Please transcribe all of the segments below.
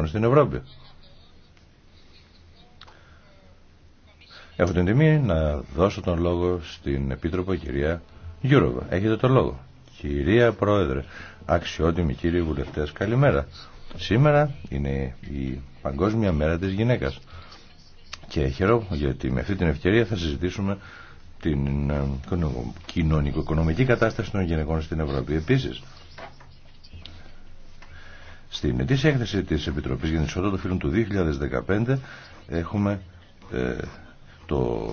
πάνω λοιπόν στην Ευρώπη. Έχω την τιμή να δώσω τον λόγο στην Επίτροπο κυρία Γιούροβα. Έχετε τον λόγο. Κυρία Πρόεδρε, αξιότιμοι κύριοι βουλευτές, καλημέρα. Σήμερα είναι η Παγκόσμια Μέρα της Γυναίκας και χαίρομαι γιατί με αυτή την ευκαιρία θα συζητήσουμε την ε, κοινωνικο-οικονομική κατάσταση των γυναικών στην Ευρώπη. Επίσης, στην ετήσια έκθεση της Επιτροπής για την Ισότητα των Φίλων του 2015 έχουμε ε, το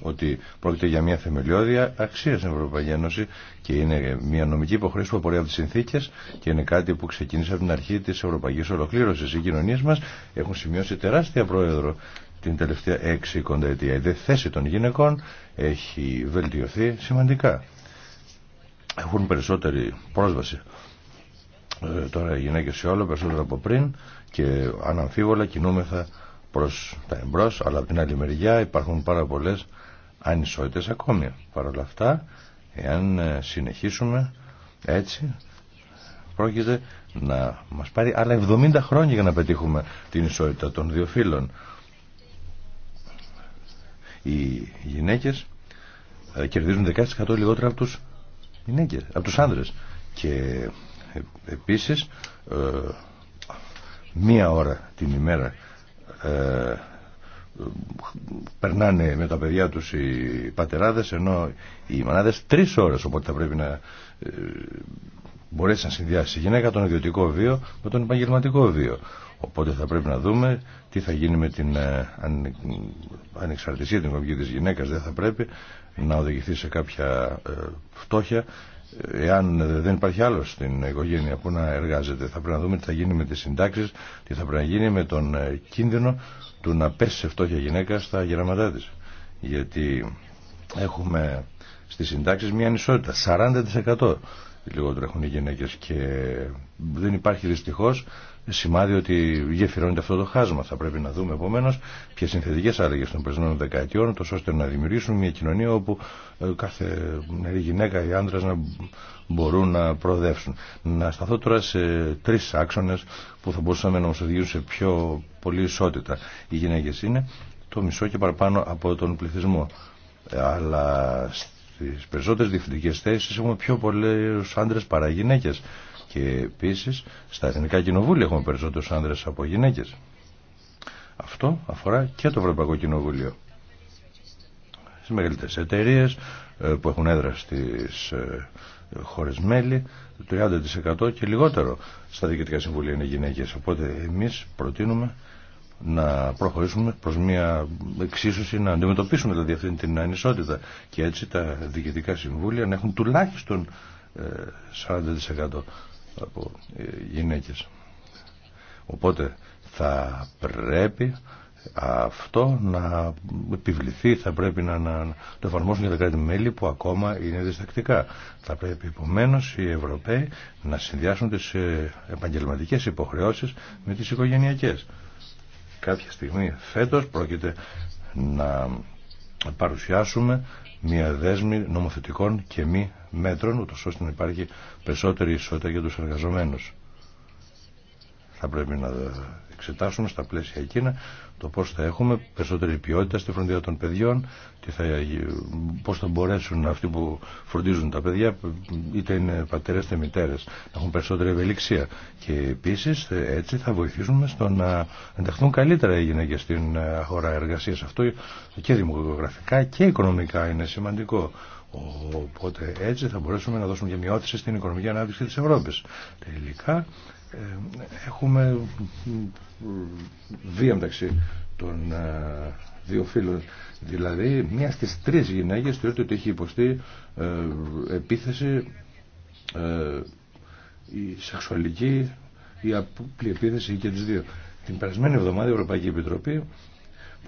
ότι πρόκειται για μια θεμελιώδη αξία στην Ευρωπαϊκή Ένωση και είναι μια νομική υποχρέωση που απορρέει από τι συνθήκε και είναι κάτι που ξεκίνησε από την αρχή τη ευρωπαϊκή ολοκλήρωση. Οι κοινωνίε μα έχουν σημειώσει τεράστια πρόεδρο την τελευταία έξι κονταετία. Η θέση των γυναικών έχει βελτιωθεί σημαντικά. Έχουν περισσότερη πρόσβαση ε, τώρα οι γυναίκε σε όλο περισσότερο από πριν και αναμφίβολα κινούμεθα προς τα εμπρός αλλά από την άλλη μεριά υπάρχουν πάρα πολλές ανισότητες ακόμη παρ' όλα αυτά εάν ε, συνεχίσουμε έτσι πρόκειται να μας πάρει άλλα 70 χρόνια για να πετύχουμε την ισότητα των δύο φίλων. οι γυναίκες ε, κερδίζουν 10% λιγότερα από τους γυναίκες, τους και ε, επίσης ε, μία ώρα την ημέρα ε, περνάνε με τα παιδιά τους οι πατεράδες ενώ οι μανάδες τρεις ώρες οπότε θα πρέπει να μπορέσει να συνδυάσει η γυναίκα τον ιδιωτικό βίο με τον επαγγελματικό βίο οπότε θα πρέπει να δούμε τι θα γίνει με την ανεξαρτησία την κοπική της γυναίκας δεν θα πρέπει να οδηγηθεί σε κάποια φτώχεια εάν δεν υπάρχει άλλο στην οικογένεια που να εργάζεται, θα πρέπει να δούμε τι θα γίνει με τις συντάξει τι θα πρέπει να γίνει με τον ε, κίνδυνο του να πέσει σε φτώχεια γυναίκα στα γεραματά τη. Γιατί έχουμε στι συντάξεις μια ανισότητα, 40% λιγότερο έχουν οι γυναίκες και δεν υπάρχει δυστυχώ σημάδι ότι γεφυρώνεται αυτό το χάσμα. Θα πρέπει να δούμε επομένω ποιε είναι θετικέ άλλαγε των περσμένων δεκαετιών, τόσο ώστε να δημιουργήσουν μια κοινωνία όπου ε, κάθε γυναίκα ή άντρα να μπορούν να προοδεύσουν. Να σταθώ τώρα σε τρει άξονε που θα μπορούσαμε να μα οδηγήσουν σε πιο πολλή ισότητα. Οι γυναίκε είναι το μισό και παραπάνω από τον πληθυσμό. Αλλά στι περισσότερε διευθυντικέ θέσει έχουμε πιο πολλού άντρε παρά γυναίκε και επίσης στα εθνικά κοινοβούλια έχουμε περισσότερους άνδρες από γυναίκες. Αυτό αφορά και το Ευρωπαϊκό Κοινοβούλιο. Στις μεγαλύτερες εταιρείες ε, που έχουν έδρα στις ε, χώρες μέλη, 30% και λιγότερο στα διοικητικά συμβούλια είναι γυναίκες. Οπότε εμείς προτείνουμε να προχωρήσουμε προς μια εξίσωση, να αντιμετωπίσουμε δηλαδή αυτή την ανισότητα και έτσι τα διοικητικά συμβούλια να έχουν τουλάχιστον 40% ε, από ε, γυναίκες. Οπότε θα πρέπει αυτό να επιβληθεί, θα πρέπει να, να, το εφαρμόσουν για τα κράτη-μέλη που ακόμα είναι διστακτικά. Θα πρέπει επομένω οι Ευρωπαίοι να συνδυάσουν τις επαγγελματικέ επαγγελματικές υποχρεώσεις με τις οικογενειακές. Κάποια στιγμή φέτος πρόκειται να παρουσιάσουμε μια δέσμη νομοθετικών και μη μέτρων, ούτως ώστε να υπάρχει περισσότερη ισότητα για τους εργαζομένους. Θα πρέπει να εξετάσουμε στα πλαίσια εκείνα το πώ θα έχουμε περισσότερη ποιότητα στη φροντίδα των παιδιών, τι θα, θα μπορέσουν αυτοί που φροντίζουν τα παιδιά, είτε είναι πατέρες είτε μητέρες, να έχουν περισσότερη ευελιξία. Και επίσης έτσι θα βοηθήσουμε στο να ενταχθούν καλύτερα οι γυναίκε στην χώρα ε, εργασίας. Αυτό και δημογραφικά και οικονομικά είναι σημαντικό. Οπότε έτσι θα μπορέσουμε να δώσουμε και μια στην οικονομική ανάπτυξη τη Ευρώπη. Τελικά ε, έχουμε βία μεταξύ των ε, δύο φίλων. Δηλαδή, μία στις τρεις γυναίκες θεωρείται ότι έχει υποστεί ε, επίθεση η σεξουαλική, η απλή επίθεση και τις δύο. Την περασμένη εβδομάδα η Ευρωπαϊκή Επιτροπή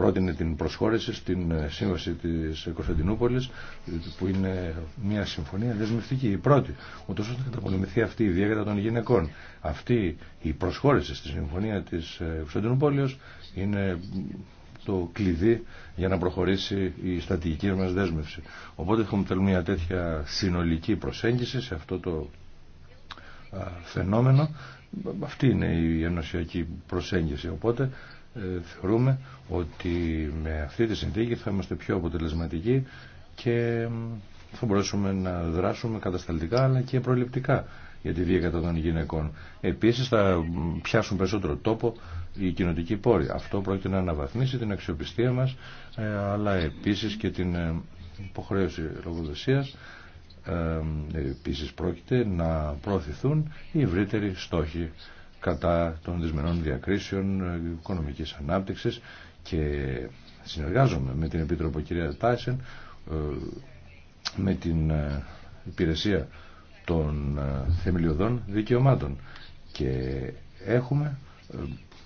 πρότεινε την προσχώρηση στην ε, σύμβαση της Κωνσταντινούπολης που είναι μια συμφωνία δεσμευτική, η πρώτη, ούτως ώστε να καταπολεμηθεί αυτή η διέγρα των γυναικών. Αυτή η προσχώρηση στη συμφωνία της ε, Κωνσταντινούπολης είναι το κλειδί για να προχωρήσει η στατική μας δέσμευση. Οπότε έχουμε θέλουμε μια τέτοια συνολική προσέγγιση σε αυτό το φαινόμενο. Αυτή είναι η ενωσιακή προσέγγιση. Οπότε ε, θεωρούμε ότι με αυτή τη συνθήκη θα είμαστε πιο αποτελεσματικοί και θα μπορέσουμε να δράσουμε κατασταλτικά αλλά και προληπτικά για τη βία κατά των γυναικών. Επίσης θα πιάσουν περισσότερο τόπο οι κοινοτικοί πόροι. Αυτό πρόκειται να αναβαθμίσει την αξιοπιστία μας ε, αλλά επίσης και την ε, υποχρέωση λογοδοσίας. Επίσης πρόκειται να προωθηθούν οι ευρύτεροι στόχοι κατά των δυσμενών διακρίσεων, οικονομικής ανάπτυξης και συνεργάζομαι με την Επίτροπο κυρία Τάισεν, ε, με την ε, υπηρεσία των ε, θεμελιωδών δικαιωμάτων και έχουμε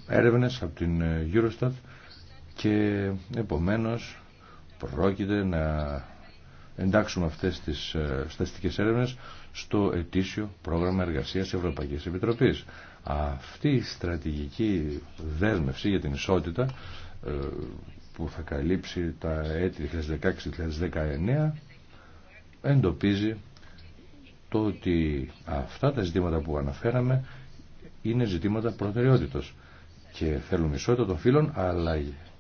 έρευνες από την Eurostat και επομένως πρόκειται να εντάξουμε αυτές τις στατιστικές έρευνες στο ετήσιο πρόγραμμα εργασίας Ευρωπαϊκής Επιτροπής. Αυτή η στρατηγική δέσμευση για την ισότητα ε, που θα καλύψει τα έτη 2016-2019 εντοπίζει το ότι αυτά τα ζητήματα που αναφέραμε είναι ζητήματα προτεραιότητος και θέλουμε ισότητα των φύλων αλλά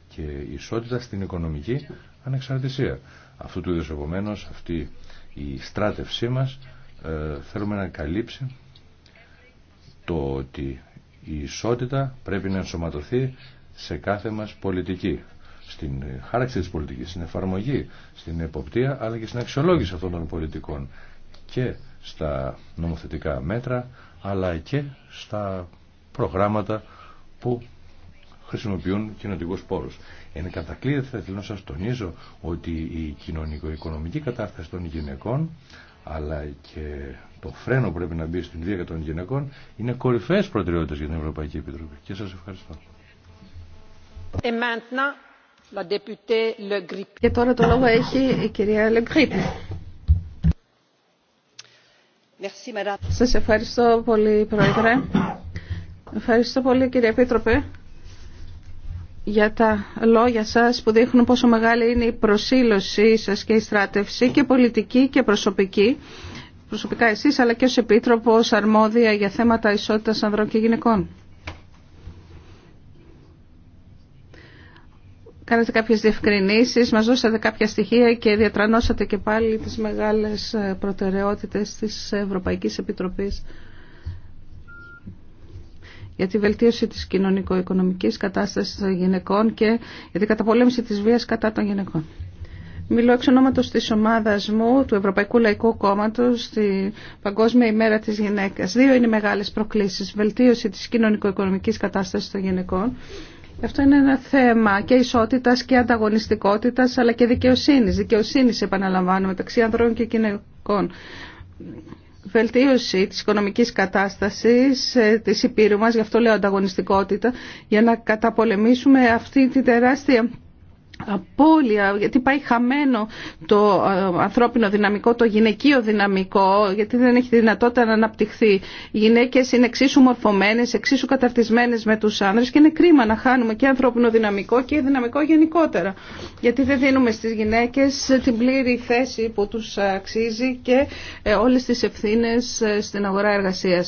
και ισότητα στην οικονομική ανεξαρτησία. Αυτού του είδους επομένως αυτή η στράτευσή μας ε, θέλουμε να καλύψει το ότι η ισότητα πρέπει να ενσωματωθεί σε κάθε μας πολιτική στην ε, χάραξη της πολιτικής, στην εφαρμογή, στην εποπτεία, αλλά και στην αξιολόγηση αυτών των πολιτικών και στα νομοθετικά μέτρα, αλλά και στα προγράμματα που χρησιμοποιούν κοινωτικούς πόρους. Εν κατακλείδευτα θα θέλω να σας τονίζω ότι η κοινωνικο-οικονομική κατάσταση των γυναικών, αλλά και το φρένο που πρέπει να μπει στην βία των γυναικών είναι κορυφαίες προτεραιότητες για την Ευρωπαϊκή Επιτροπή. Και σας ευχαριστώ. Και τώρα το λόγο έχει η κυρία Λεγκρίπ. Σας ευχαριστώ πολύ, Πρόεδρε. Ευχαριστώ πολύ, κύριε Επίτροπε, για τα λόγια σας που δείχνουν πόσο μεγάλη είναι η προσήλωσή σας και η στράτευση και πολιτική και προσωπική προσωπικά εσείς αλλά και ως Επίτροπος αρμόδια για θέματα ισότητας ανδρών και γυναικών. Κάνατε κάποιες διευκρινήσεις, μας δώσατε κάποια στοιχεία και διατρανώσατε και πάλι τις μεγάλες ε, προτεραιότητες της Ευρωπαϊκής Επιτροπής για τη βελτίωση της κοινωνικο-οικονομικής κατάστασης των γυναικών και για την καταπολέμηση της βίας κατά των γυναικών. Μιλώ εξ ονόματο τη ομάδα μου, του Ευρωπαϊκού Λαϊκού Κόμματο, στη Παγκόσμια ημέρα τη Γυναίκα. Δύο είναι μεγάλε προκλήσει. Βελτίωση τη κοινωνικο οικονομική κατάσταση των γυναικών. Αυτό είναι ένα θέμα και ισότητα και ανταγωνιστικότητα, αλλά και δικαιοσύνη. Δικαιοσύνη επαναλαμβάνω, μεταξύ ανδρών και γυναικών βελτίωση της οικονομικής κατάστασης ε, της Υπήρου γι' αυτό λέω ανταγωνιστικότητα, για να καταπολεμήσουμε αυτή τη τεράστια απώλεια, γιατί πάει χαμένο το ε, ανθρώπινο δυναμικό, το γυναικείο δυναμικό, γιατί δεν έχει δυνατότητα να αναπτυχθεί. Οι γυναίκες είναι εξίσου μορφωμένε, εξίσου καταρτισμένε με τους άνδρες και είναι κρίμα να χάνουμε και ανθρώπινο δυναμικό και δυναμικό γενικότερα. Γιατί δεν δίνουμε στις γυναίκες την πλήρη θέση που του αξίζει και ε, όλες τις ευθύνε ε, στην αγορά εργασία.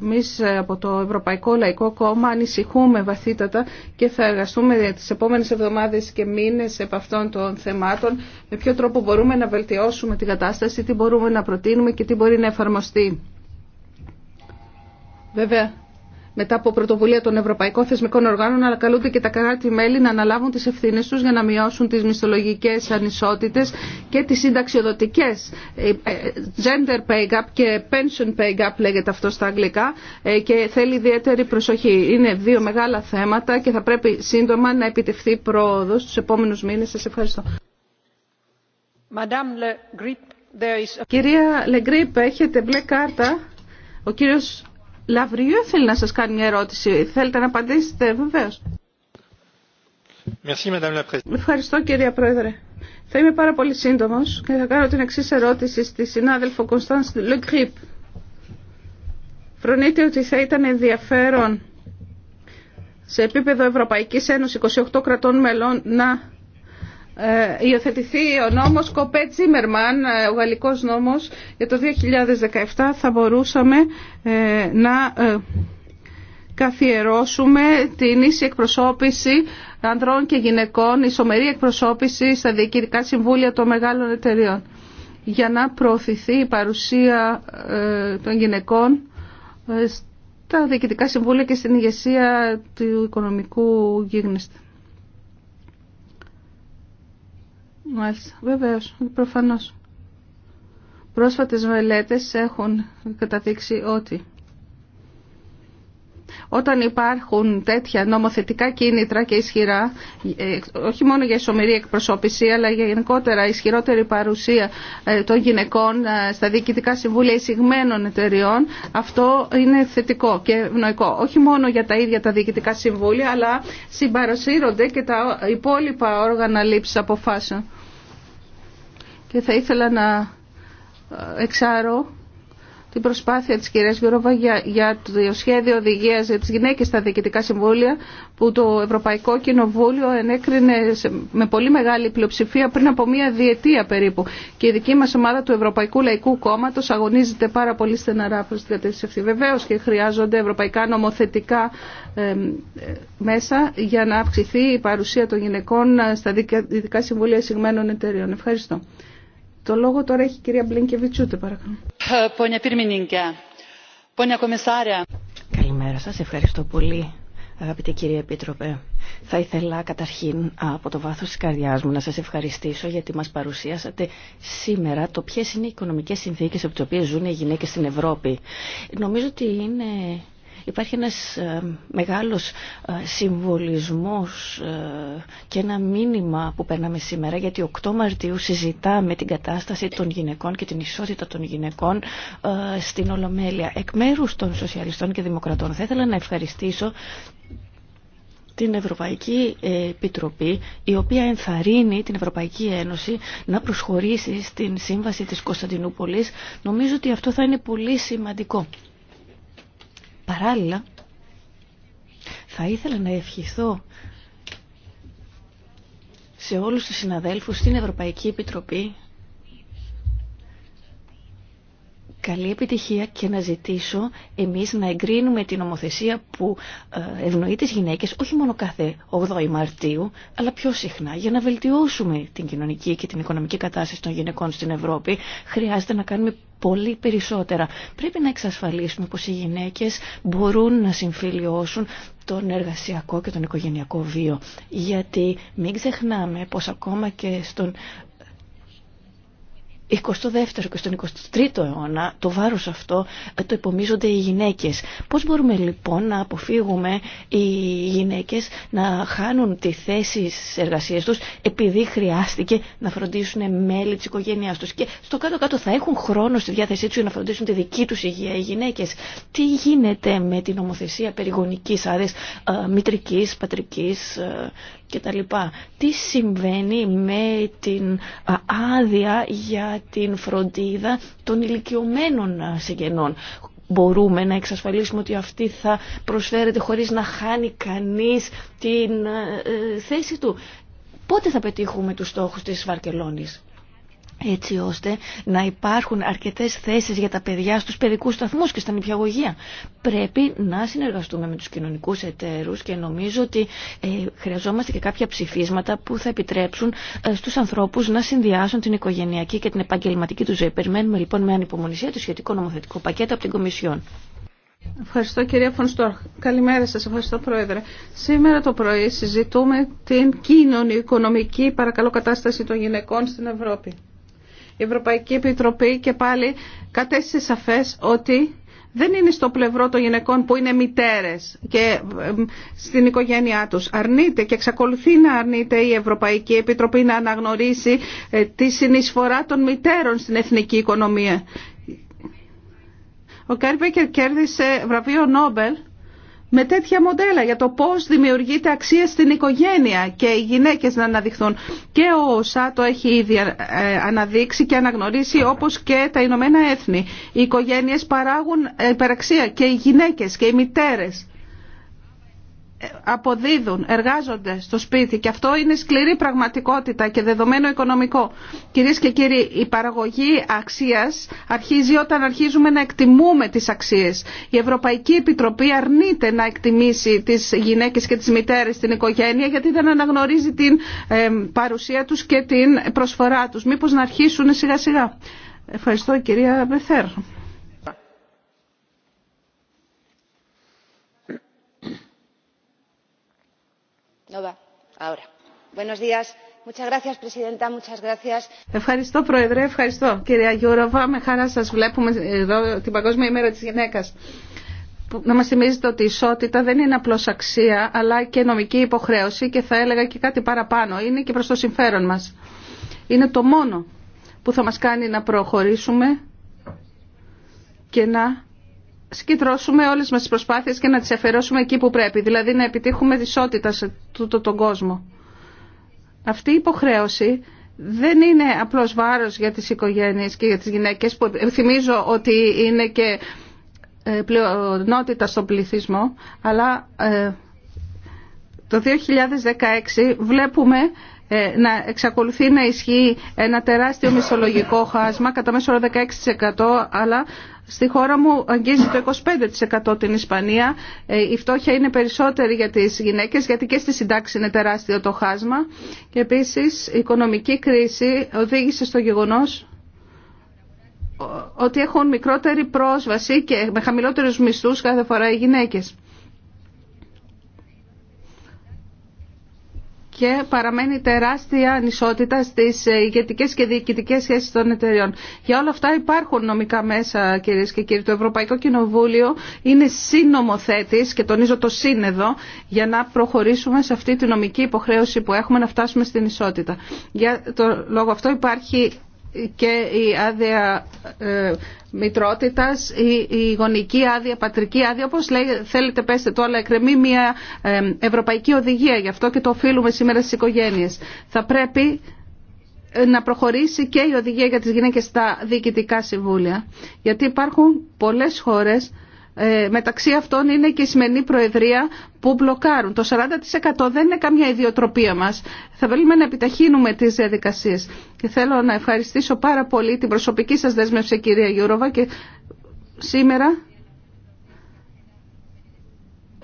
Εμεί από το Ευρωπαϊκό Λαϊκό Κόμμα ανησυχούμε βαθύτατα και θα εργαστούμε τις επόμενες εβδομάδες και μήνες επ' αυτών των θεμάτων με ποιο τρόπο μπορούμε να βελτιώσουμε την κατάσταση, τι μπορούμε να προτείνουμε και τι μπορεί να εφαρμοστεί. Βέβαια, μετά από πρωτοβουλία των Ευρωπαϊκών Θεσμικών Οργάνων, αλλά καλούνται και τα κράτη-μέλη να αναλάβουν τι ευθύνε του για να μειώσουν τι μισθολογικέ ανισότητε και τι συνταξιοδοτικέ. Ε, ε, gender pay gap και pension pay gap λέγεται αυτό στα αγγλικά ε, και θέλει ιδιαίτερη προσοχή. Είναι δύο μεγάλα θέματα και θα πρέπει σύντομα να επιτευχθεί πρόοδο στου επόμενου μήνε. Σα ευχαριστώ. Κυρία Λεγκρίπ, έχετε μπλε κάρτα. Ο κύριος Λαβριού θέλει να σας κάνει μια ερώτηση. Θέλετε να απαντήσετε, βεβαίως. Ευχαριστώ κύριε Πρόεδρε. Θα είμαι πάρα πολύ σύντομος και θα κάνω την εξής ερώτηση στη συνάδελφο Κωνσταντ Λεγκρυπ. Φρονείτε ότι θα ήταν ενδιαφέρον σε επίπεδο Ευρωπαϊκής Ένωσης 28 κρατών μελών να ε, υιοθετηθεί ο νόμος Κοπέ Τσίμερμαν, ε, ο γαλλικός νόμος για το 2017 θα μπορούσαμε ε, να καθιερώσουμε την ίση εκπροσώπηση ανδρών και γυναικών, ισομερή εκπροσώπηση στα διοικητικά συμβούλια των μεγάλων εταιριών για να προωθηθεί η παρουσία των γυναικών στα διοικητικά συμβούλια και στην ηγεσία του οικονομικού γίγνεσθεν. Μάλιστα, βεβαίω. προφανώς. Πρόσφατες μελέτε έχουν καταδείξει ότι όταν υπάρχουν τέτοια νομοθετικά κίνητρα και ισχυρά, ε, όχι μόνο για ισομερή εκπροσώπηση, αλλά για γενικότερα ισχυρότερη παρουσία ε, των γυναικών ε, στα διοικητικά συμβούλια εισηγμένων εταιριών, αυτό είναι θετικό και ευνοϊκό. Όχι μόνο για τα ίδια τα διοικητικά συμβούλια, αλλά συμπαροσύρονται και τα υπόλοιπα όργανα λήψη αποφάσεων και θα ήθελα να ε, εξάρω την προσπάθεια της κυρίας Γιώροβα για, το σχέδιο οδηγίας για τις γυναίκες στα διοικητικά συμβούλια που το Ευρωπαϊκό Κοινοβούλιο ενέκρινε με πολύ μεγάλη πλειοψηφία πριν από μία διετία περίπου. Και η δική μας ομάδα του Ευρωπαϊκού Λαϊκού Κόμματος αγωνίζεται πάρα πολύ στεναρά προς την κατεύθυνση αυτή. Βεβαίως και χρειάζονται ευρωπαϊκά νομοθετικά ε, μέσα για να αυξηθεί η παρουσία των γυναικών ε, στα διοικητικά συμβούλια εισηγμένων εταιρείων. Ευχαριστώ. Το λόγο τώρα έχει η κυρία Μπλίνκεβιτσούτε, παρακαλώ. Ε, Καλημέρα σας, ευχαριστώ πολύ. Αγαπητή κυρία Επίτροπε, θα ήθελα καταρχήν από το βάθος της καρδιάς μου να σας ευχαριστήσω γιατί μας παρουσίασατε σήμερα το ποιες είναι οι οικονομικές συνθήκες από τις οποίες ζουν οι γυναίκες στην Ευρώπη. Νομίζω ότι είναι Υπάρχει ένας ε, μεγάλος ε, συμβολισμός ε, και ένα μήνυμα που παίρναμε σήμερα γιατί 8 Μαρτίου συζητάμε την κατάσταση των γυναικών και την ισότητα των γυναικών στην Ολομέλεια. Εκ μέρους των Σοσιαλιστών και Δημοκρατών θα ήθελα να ευχαριστήσω την Ευρωπαϊκή Επιτροπή η οποία ενθαρρύνει την Ευρωπαϊκή Ένωση να προσχωρήσει στην Σύμβαση της Κωνσταντινούπολης. Νομίζω ότι αυτό θα είναι πολύ σημαντικό. Παράλληλα, θα ήθελα να ευχηθώ σε όλους τους συναδέλφους στην Ευρωπαϊκή Επιτροπή καλή επιτυχία και να ζητήσω εμείς να εγκρίνουμε την νομοθεσία που ε, ευνοεί τις γυναίκες όχι μόνο κάθε 8η Μαρτίου αλλά πιο συχνά για να βελτιώσουμε την κοινωνική και την οικονομική κατάσταση των γυναικών στην Ευρώπη χρειάζεται να κάνουμε πολύ περισσότερα. Πρέπει να εξασφαλίσουμε πως οι γυναίκες μπορούν να συμφιλιώσουν τον εργασιακό και τον οικογενειακό βίο. Γιατί μην ξεχνάμε πως ακόμα και στον 22ο και στον 23ο αιώνα το βάρος αυτό ε, το υπομίζονται οι γυναίκες. Πώς μπορούμε λοιπόν να αποφύγουμε οι γυναίκες να χάνουν τη θέση στις εργασίες τους επειδή χρειάστηκε να φροντίσουν μέλη της οικογένειάς τους και στο κάτω-κάτω θα έχουν χρόνο στη διάθεσή τους για να φροντίσουν τη δική τους υγεία οι γυναίκες. Τι γίνεται με την νομοθεσία περιγονικής άδειας ε, μητρικής, πατρικής ε, κτλ. Τι συμβαίνει με την άδεια για την φροντίδα των ηλικιωμένων συγγενών. Μπορούμε να εξασφαλίσουμε ότι αυτή θα προσφέρεται χωρίς να χάνει κανείς την ε, ε, θέση του. Πότε θα πετύχουμε τους στόχους της Βαρκελόνης έτσι ώστε να υπάρχουν αρκετές θέσεις για τα παιδιά στους παιδικούς σταθμούς και στα νηπιαγωγεία. Πρέπει να συνεργαστούμε με τους κοινωνικούς εταίρους και νομίζω ότι ε, χρειαζόμαστε και κάποια ψηφίσματα που θα επιτρέψουν ε, στους ανθρώπους να συνδυάσουν την οικογενειακή και την επαγγελματική του ζωή. Περιμένουμε λοιπόν με ανυπομονησία το σχετικό νομοθετικό πακέτο από την Κομισιόν. Ευχαριστώ κυρία Φωνστόρχ. Καλημέρα σας, ευχαριστώ Πρόεδρε. Σήμερα το πρωί συζητούμε την κοινωνικο-οικονομική παρακαλώ κατάσταση των γυναικών στην Ευρώπη. Η Ευρωπαϊκή Επιτροπή και πάλι κατέστησε σαφές ότι δεν είναι στο πλευρό των γυναικών που είναι μητέρες και στην οικογένειά τους. Αρνείται και εξακολουθεί να αρνείται η Ευρωπαϊκή Επιτροπή να αναγνωρίσει ε, τη συνεισφορά των μητέρων στην εθνική οικονομία. Ο Κέρμπεκερ κέρδισε βραβείο Νόμπελ με τέτοια μοντέλα για το πώς δημιουργείται αξία στην οικογένεια και οι γυναίκες να αναδειχθούν. Και ο ΩΣΑ το έχει ήδη ε, αναδείξει και αναγνωρίσει όπως και τα Ηνωμένα Έθνη. Οι οικογένειες παράγουν υπεραξία και οι γυναίκες και οι μητέρες αποδίδουν, εργάζονται στο σπίτι και αυτό είναι σκληρή πραγματικότητα και δεδομένο οικονομικό. Κυρίες και κύριοι, η παραγωγή αξίας αρχίζει όταν αρχίζουμε να εκτιμούμε τις αξίες. Η Ευρωπαϊκή Επιτροπή αρνείται να εκτιμήσει τις γυναίκες και τις μητέρες στην οικογένεια γιατί δεν αναγνωρίζει την ε, παρουσία τους και την προσφορά τους. Μήπως να αρχίσουν σιγά σιγά. Ευχαριστώ κυρία Μπεθέρ. Ευχαριστώ Πρόεδρε, ευχαριστώ κυρία Γιούροβα. Με χαρά σας βλέπουμε εδώ την Παγκόσμια ημέρα της γυναίκας. Να μας θυμίζετε ότι η ισότητα δεν είναι απλώς αξία, αλλά και νομική υποχρέωση και θα έλεγα και κάτι παραπάνω. Είναι και προς το συμφέρον μας. Είναι το μόνο που θα μας κάνει να προχωρήσουμε και να σκητρώσουμε όλες μας τις προσπάθειες και να τις αφαιρώσουμε εκεί που πρέπει, δηλαδή να επιτύχουμε δυσότητα σε τούτο τον κόσμο. Αυτή η υποχρέωση δεν είναι απλώς βάρος για τις οικογένειες και για τις γυναίκες που θυμίζω ότι είναι και ε, πλειονότητα στον πληθυσμό αλλά ε, το 2016 βλέπουμε ε, να εξακολουθεί να ισχύει ένα τεράστιο μισθολογικό χάσμα κατά μέσο όρο 16% αλλά Στη χώρα μου αγγίζει το 25% την Ισπανία. Ε, η φτώχεια είναι περισσότερη για τις γυναίκες γιατί και στη συντάξη είναι τεράστιο το χάσμα. Και επίσης η οικονομική κρίση οδήγησε στο γεγονός ότι έχουν μικρότερη πρόσβαση και με χαμηλότερους μισθούς κάθε φορά οι γυναίκες. και παραμένει τεράστια ανισότητα στι ε, ηγετικέ και διοικητικέ σχέσεις των εταιριών. Για όλα αυτά υπάρχουν νομικά μέσα κυρίε και κύριοι. Το Ευρωπαϊκό Κοινοβούλιο είναι συνομοθέτης και τονίζω το σύνεδο για να προχωρήσουμε σε αυτή τη νομική υποχρέωση που έχουμε να φτάσουμε στην ισότητα. Για το λόγο αυτό υπάρχει και η άδεια ε, μητρότητας, η, γονική άδεια, πατρική άδεια, όπως λέει, θέλετε πέστε το, αλλά εκκρεμεί μια ε, ευρωπαϊκή οδηγία, γι' αυτό και το οφείλουμε σήμερα στις οικογένειες. Θα πρέπει ε, να προχωρήσει και η οδηγία για τις γυναίκες στα διοικητικά συμβούλια, γιατί υπάρχουν πολλές χώρες ε, μεταξύ αυτών είναι και η σημερινή Προεδρία που μπλοκάρουν. Το 40% δεν είναι καμιά ιδιοτροπία μας. Θα θέλουμε να επιταχύνουμε τις διαδικασίες. Και θέλω να ευχαριστήσω πάρα πολύ την προσωπική σας δέσμευση κυρία Γιούροβα και σήμερα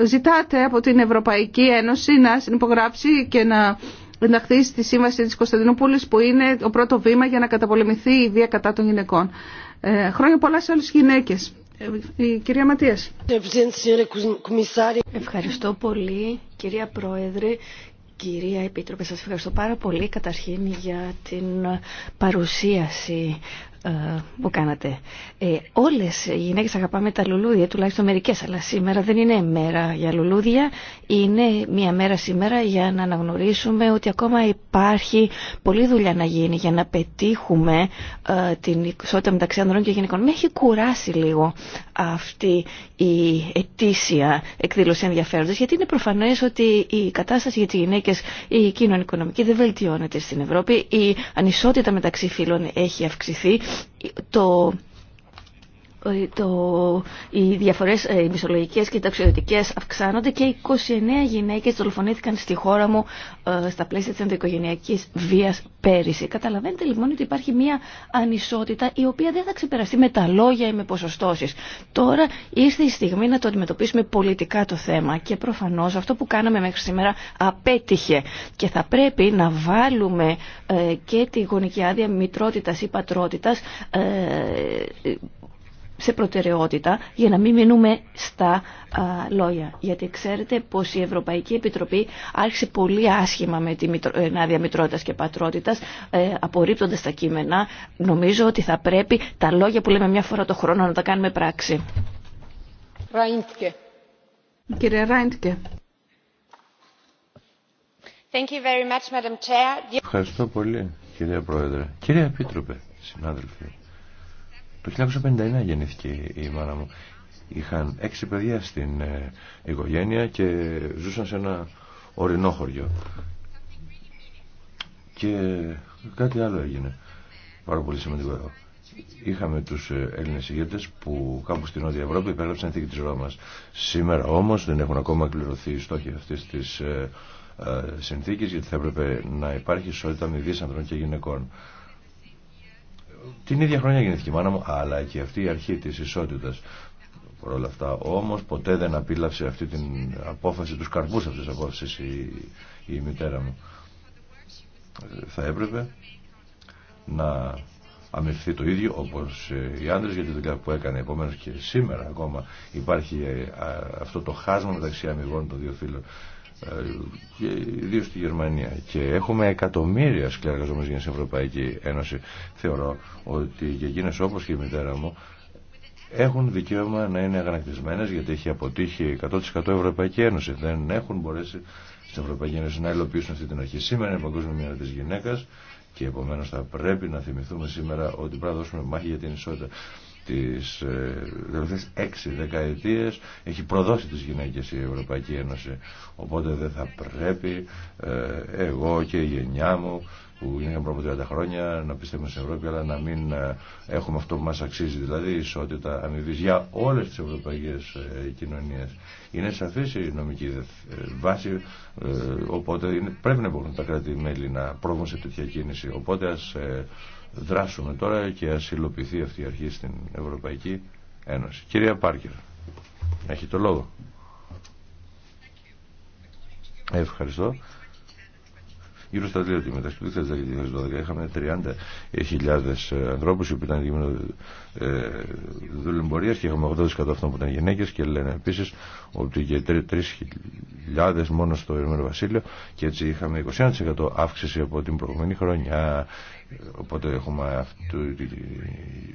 ζητάτε από την Ευρωπαϊκή Ένωση να συνυπογράψει και να ενταχθεί στη Σύμβαση της Κωνσταντινούπολης που είναι το πρώτο βήμα για να καταπολεμηθεί η βία κατά των γυναικών. Ε, χρόνια πολλά σε όλες τις γυναίκες. Ε, η κυρία Ματίας. Ευχαριστώ πολύ κυρία Πρόεδρε. Κυρία Επίτροπε, σας ευχαριστώ πάρα πολύ καταρχήν για την παρουσίαση ε, που κάνατε. Ε, όλες οι γυναίκες αγαπάμε τα λουλούδια, τουλάχιστον μερικέ, αλλά σήμερα δεν είναι μέρα για λουλούδια, είναι μια μέρα σήμερα για να αναγνωρίσουμε ότι ακόμα υπάρχει πολλή δουλειά να γίνει για να πετύχουμε ε, την ισότητα μεταξύ ανδρών και γυναικών. Με έχει κουράσει λίγο αυτή η ετήσια εκδήλωση ενδιαφέροντος, γιατί είναι προφανές ότι η κατάσταση για τις γυναίκες, η κοινωνικονομική δεν βελτιώνεται στην Ευρώπη, η ανισότητα μεταξύ φύλων έχει αυξηθεί το ε, το, οι διαφορές ε, οι μισολογικές και ταξιδιωτικές αυξάνονται και 29 γυναίκες δολοφονήθηκαν στη χώρα μου ε, στα πλαίσια της ενδοοικογενειακής βίας πέρυσι. Καταλαβαίνετε λοιπόν ότι υπάρχει μια ανισότητα η οποία δεν θα ξεπεραστεί με τα λόγια ή με ποσοστώσεις. Τώρα ήρθε η στιγμή να το αντιμετωπίσουμε πολιτικά το θέμα και προφανώς αυτό που κάναμε μέχρι σήμερα απέτυχε και θα πρέπει να βάλουμε και τη γονική άδεια μητρότητας ή πατρότητας σε προτεραιότητα για να μην μείνουμε στα λόγια. Γιατί ξέρετε πως η Ευρωπαϊκή Επιτροπή άρχισε πολύ άσχημα με ε, την άδεια μητρότητας και πατρότητας, ε, απορρίπτοντας τα κείμενα. Νομίζω ότι θα πρέπει τα λόγια που λέμε μια φορά το χρόνο να τα κάνουμε πράξη. Ράιντκε. Κύριε Ράιντκε. Thank you very much, Madam Chair. Ευχαριστώ πολύ, κυρία Πρόεδρε. Κυρία Επίτροπε, συνάδελφοι. Το 1959 γεννήθηκε η μάνα μου. Είχαν έξι παιδιά στην ε, οικογένεια και ζούσαν σε ένα ορεινό χωριό. Και κάτι άλλο έγινε. Πάρα πολύ σημαντικό εδώ. Είχαμε τους ε, Έλληνες ηγέτες που κάπου στην Νότια Ευρώπη υπέγραψαν τη της Ρώμας. Σήμερα όμως δεν έχουν ακόμα κληρωθεί οι στόχοι αυτής της ε, συνθήκης γιατί θα έπρεπε να υπάρχει ισότητα μηδής ανδρών και γυναικών την ίδια χρονιά γεννήθηκε η μάνα μου, αλλά και αυτή η αρχή της ισότητας. Παρ' όλα αυτά όμως ποτέ δεν απείλαψε αυτή την απόφαση, τους καρπούς αυτής της απόφασης η, μητέρα μου. Θα έπρεπε να αμυφθεί το ίδιο όπως οι άντρες για τη δουλειά που έκανε. Επομένως και σήμερα ακόμα υπάρχει ε, αυτό το χάσμα μεταξύ αμοιβών των δύο φίλων. Ε, ιδίω στη Γερμανία. Και έχουμε εκατομμύρια σκληρά εργαζόμενε για την Ευρωπαϊκή Ένωση. Θεωρώ ότι οι εκείνες όπω και η μητέρα μου έχουν δικαίωμα να είναι αγανακτισμένε γιατί έχει αποτύχει 100% η Ευρωπαϊκή Ένωση. Δεν έχουν μπορέσει στην Ευρωπαϊκή Ένωση να υλοποιήσουν αυτή την αρχή. Σήμερα είναι η Παγκόσμια Μέρα τη Γυναίκα και επομένω θα πρέπει να θυμηθούμε σήμερα ότι πρέπει να δώσουμε μάχη για την ισότητα τις ε, τελευταίες έξι δεκαετίες έχει προδώσει τις γυναίκες η Ευρωπαϊκή Ένωση οπότε δεν θα πρέπει ε, εγώ και η γενιά μου που είναι πριν από 30 χρόνια να πιστεύουμε στην Ευρώπη αλλά να μην ε, έχουμε αυτό που μας αξίζει δηλαδή η ισότητα αμοιβή για όλες τις ευρωπαϊκές κοινωνίες είναι σαφής η νομική βάση οπότε πρέπει να μπορούν τα κράτη-μέλη να προβούν σε τέτοια κίνηση οπότε δράσουμε τώρα και ας αυτή η αρχή στην Ευρωπαϊκή Ένωση. Κυρία Πάρκερ, έχει το λόγο. Ευχαριστώ. Γύρω στα δύο ότι μεταξύ του 2010 και 2012 είχαμε 30.000 ανθρώπου που ήταν ε, δουλεμπορία και είχαμε 80% αυτών που ήταν γυναίκε και λένε επίση ότι και 3.000 μόνο στο Ηνωμένο Βασίλειο και έτσι είχαμε 21% αύξηση από την προηγούμενη χρονιά. Οπότε έχουμε αυτή τη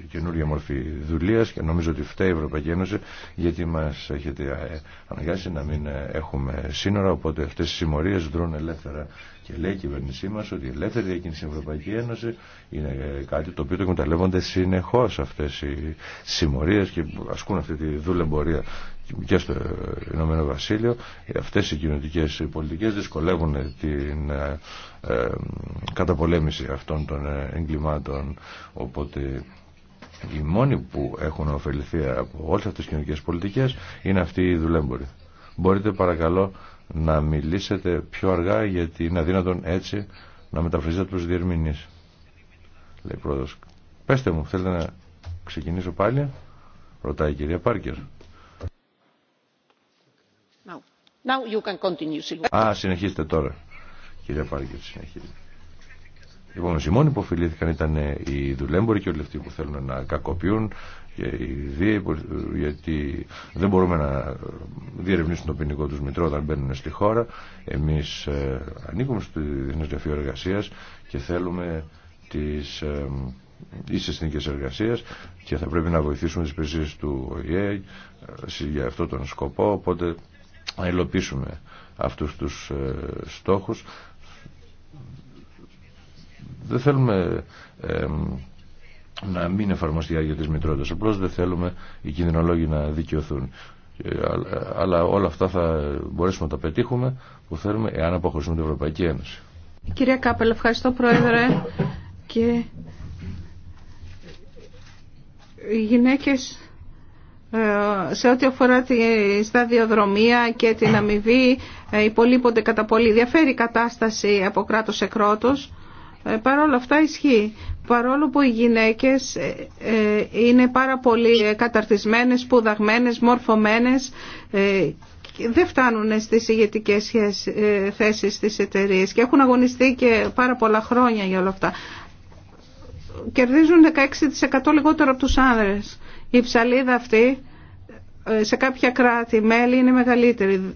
καινούργια μορφή δουλειά και νομίζω ότι φταίει η Ευρωπαϊκή Ένωση γιατί μα έχετε ε, αναγκάσει να μην ε, έχουμε σύνορα οπότε αυτές οι συμμορίε δρούν ελεύθερα και λέει η κυβέρνησή μα ότι η ελεύθερη διακίνηση στην Ευρωπαϊκή Ένωση είναι κάτι το οποίο το εκμεταλλεύονται συνεχώ αυτέ οι συμμορίε και ασκούν αυτή τη δουλεμπορία και στο Ηνωμένο Βασίλειο. Αυτέ οι κοινωνικέ πολιτικέ δυσκολεύουν την ε, ε, καταπολέμηση αυτών των ε, εγκλημάτων. Οπότε οι μόνοι που έχουν ωφεληθεί από όλε αυτέ τις κοινωνικέ πολιτικέ είναι αυτοί οι δουλέμποροι. Μπορείτε παρακαλώ να μιλήσετε πιο αργά γιατί είναι αδύνατον έτσι να μεταφραζείτε τους διερμηνείς. Λέει πρόεδρος. Πέστε μου, θέλετε να ξεκινήσω πάλι. Ρωτάει η κυρία Πάρκερ. Α, συνεχίστε τώρα. Κυρία Πάρκερ, συνεχίστε. Λοιπόν, οι μόνοι που ωφελήθηκαν ήταν οι δουλέμποροι και όλοι αυτοί που θέλουν να κακοποιούν και οι βία γιατί δεν μπορούμε να διερευνήσουμε το ποινικό τους μητρό όταν μπαίνουν στη χώρα. Εμείς ε, ανήκουμε στη Διεθνές εργασία Εργασίας και θέλουμε τις ε, ίσες συνθήκες εργασίας και θα πρέπει να βοηθήσουμε τις υπηρεσίε του ΟΗΕ ε, για αυτόν τον σκοπό οπότε να υλοποιήσουμε αυτούς τους στόχους δεν θέλουμε να μην εφαρμοστεί η Άγια της Μητρότητας. Απλώς δεν θέλουμε οι κινδυνολόγοι να δικαιωθούν. Ε, αλλά όλα αυτά θα μπορέσουμε να τα πετύχουμε που θέλουμε εάν αποχωρήσουμε την Ευρωπαϊκή Ένωση. Κυρία Κάπελ, ευχαριστώ Πρόεδρε και οι γυναίκες ε, σε ό,τι αφορά τη σταδιοδρομία και την αμοιβή ε, υπολείπονται κατά πολύ. Διαφέρει η κατάσταση από κράτος σε κρότος ε, Παρ' όλα αυτά ισχύει. Παρόλο που οι γυναίκες ε, ε, είναι πάρα πολύ καταρτισμένες, σπουδαγμένες, μορφωμένες, δεν φτάνουν στις ηγετικέ θέσεις στις εταιρείας και έχουν αγωνιστεί και πάρα πολλά χρόνια για όλα αυτά. Κερδίζουν 16% λιγότερο από τους άνδρες. Η ψαλίδα αυτή σε κάποια κράτη-μέλη είναι μεγαλύτερη.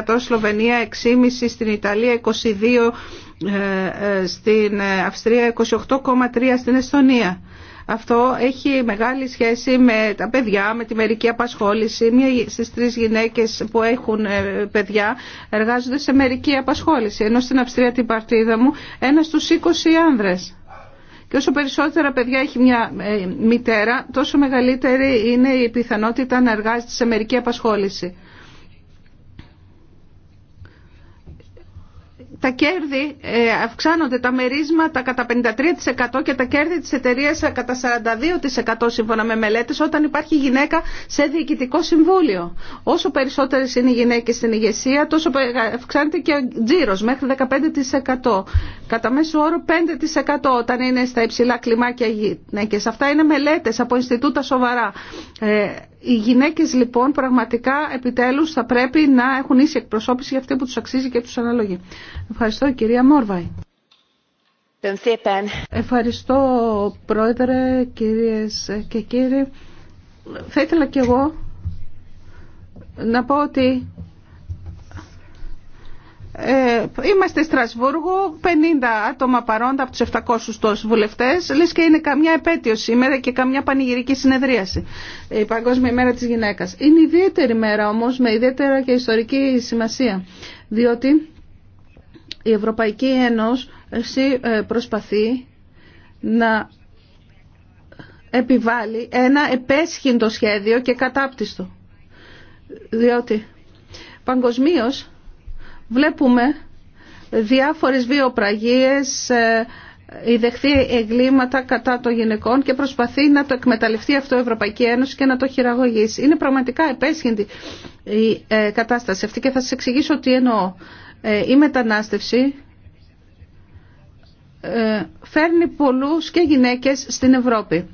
2,9% Σλοβενία, 6,5% στην Ιταλία, 22% ε, ε, στην Αυστρία, 28,3% στην Εστονία. Αυτό έχει μεγάλη σχέση με τα παιδιά, με τη μερική απασχόληση. Μία στι τρει γυναίκες που έχουν ε, παιδιά εργάζονται σε μερική απασχόληση. Ενώ στην Αυστρία την παρτίδα μου, ένα στους 20 άνδρες και όσο περισσότερα παιδιά έχει μια ε, μητέρα, τόσο μεγαλύτερη είναι η πιθανότητα να εργάζεται σε μερική απασχόληση. τα κέρδη ε, αυξάνονται, τα μερίσματα κατά 53% και τα κέρδη της εταιρείας κατά 42% σύμφωνα με μελέτες όταν υπάρχει γυναίκα σε διοικητικό συμβούλιο. Όσο περισσότερες είναι οι γυναίκες στην ηγεσία, τόσο αυξάνεται και ο τζίρος μέχρι 15%. Κατά μέσο όρο 5% όταν είναι στα υψηλά κλιμάκια γυναίκες. Αυτά είναι μελέτες από Ινστιτούτα σοβαρά. Ε, οι γυναίκες λοιπόν πραγματικά επιτέλους θα πρέπει να έχουν ίση εκπροσώπηση για αυτή που τους αξίζει και τους αναλογεί. Ευχαριστώ κυρία Μόρβαι. Ευχαριστώ πρόεδρε, κυρίες και κύριοι. Θα ήθελα κι εγώ να πω ότι ε, είμαστε Στρασβούργο, 50 άτομα παρόντα από τους 700 τόσους βουλευτές, λες και είναι καμιά επέτειο σήμερα και καμιά πανηγυρική συνεδρίαση, η Παγκόσμια ημέρα της γυναίκας. Είναι ιδιαίτερη μέρα όμως, με ιδιαίτερα και ιστορική σημασία, διότι η Ευρωπαϊκή Ένωση ε, προσπαθεί να επιβάλλει ένα επέσχυντο σχέδιο και κατάπτυστο. Διότι παγκοσμίως βλέπουμε διάφορες βιοπραγίες, ε, ε, δεχθεί εγκλήματα κατά των γυναικών και προσπαθεί να το εκμεταλλευτεί αυτό η Ευρωπαϊκή Ένωση και να το χειραγωγήσει. Είναι πραγματικά επέσχυντη η ε, κατάσταση αυτή και θα σας εξηγήσω τι εννοώ. Η μετανάστευση φέρνει πολλούς και γυναίκες στην Ευρώπη.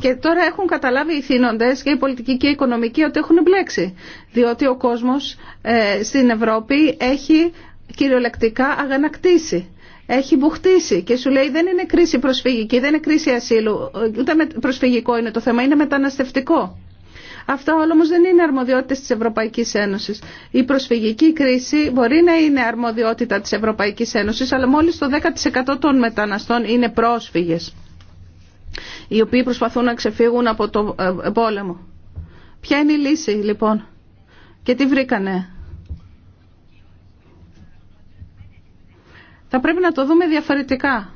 Και τώρα έχουν καταλάβει οι θύνοντες και οι πολιτικοί και οι οικονομικοί ότι έχουν μπλέξει. Διότι ο κόσμος ε, στην Ευρώπη έχει κυριολεκτικά αγανακτήσει. Έχει μπουχτίσει και σου λέει δεν είναι κρίση προσφυγική, δεν είναι κρίση ασύλου, ούτε προσφυγικό είναι το θέμα, είναι μεταναστευτικό. Αυτά όμω όμως δεν είναι αρμοδιότητες της Ευρωπαϊκής Ένωσης. Η προσφυγική κρίση μπορεί να είναι αρμοδιότητα της Ευρωπαϊκής Ένωσης, αλλά μόλις το 10% των μεταναστών είναι πρόσφυγες οι οποίοι προσπαθούν να ξεφύγουν από το ε, πόλεμο. Ποια είναι η λύση λοιπόν και τι βρήκανε. Θα πρέπει να το δούμε διαφορετικά.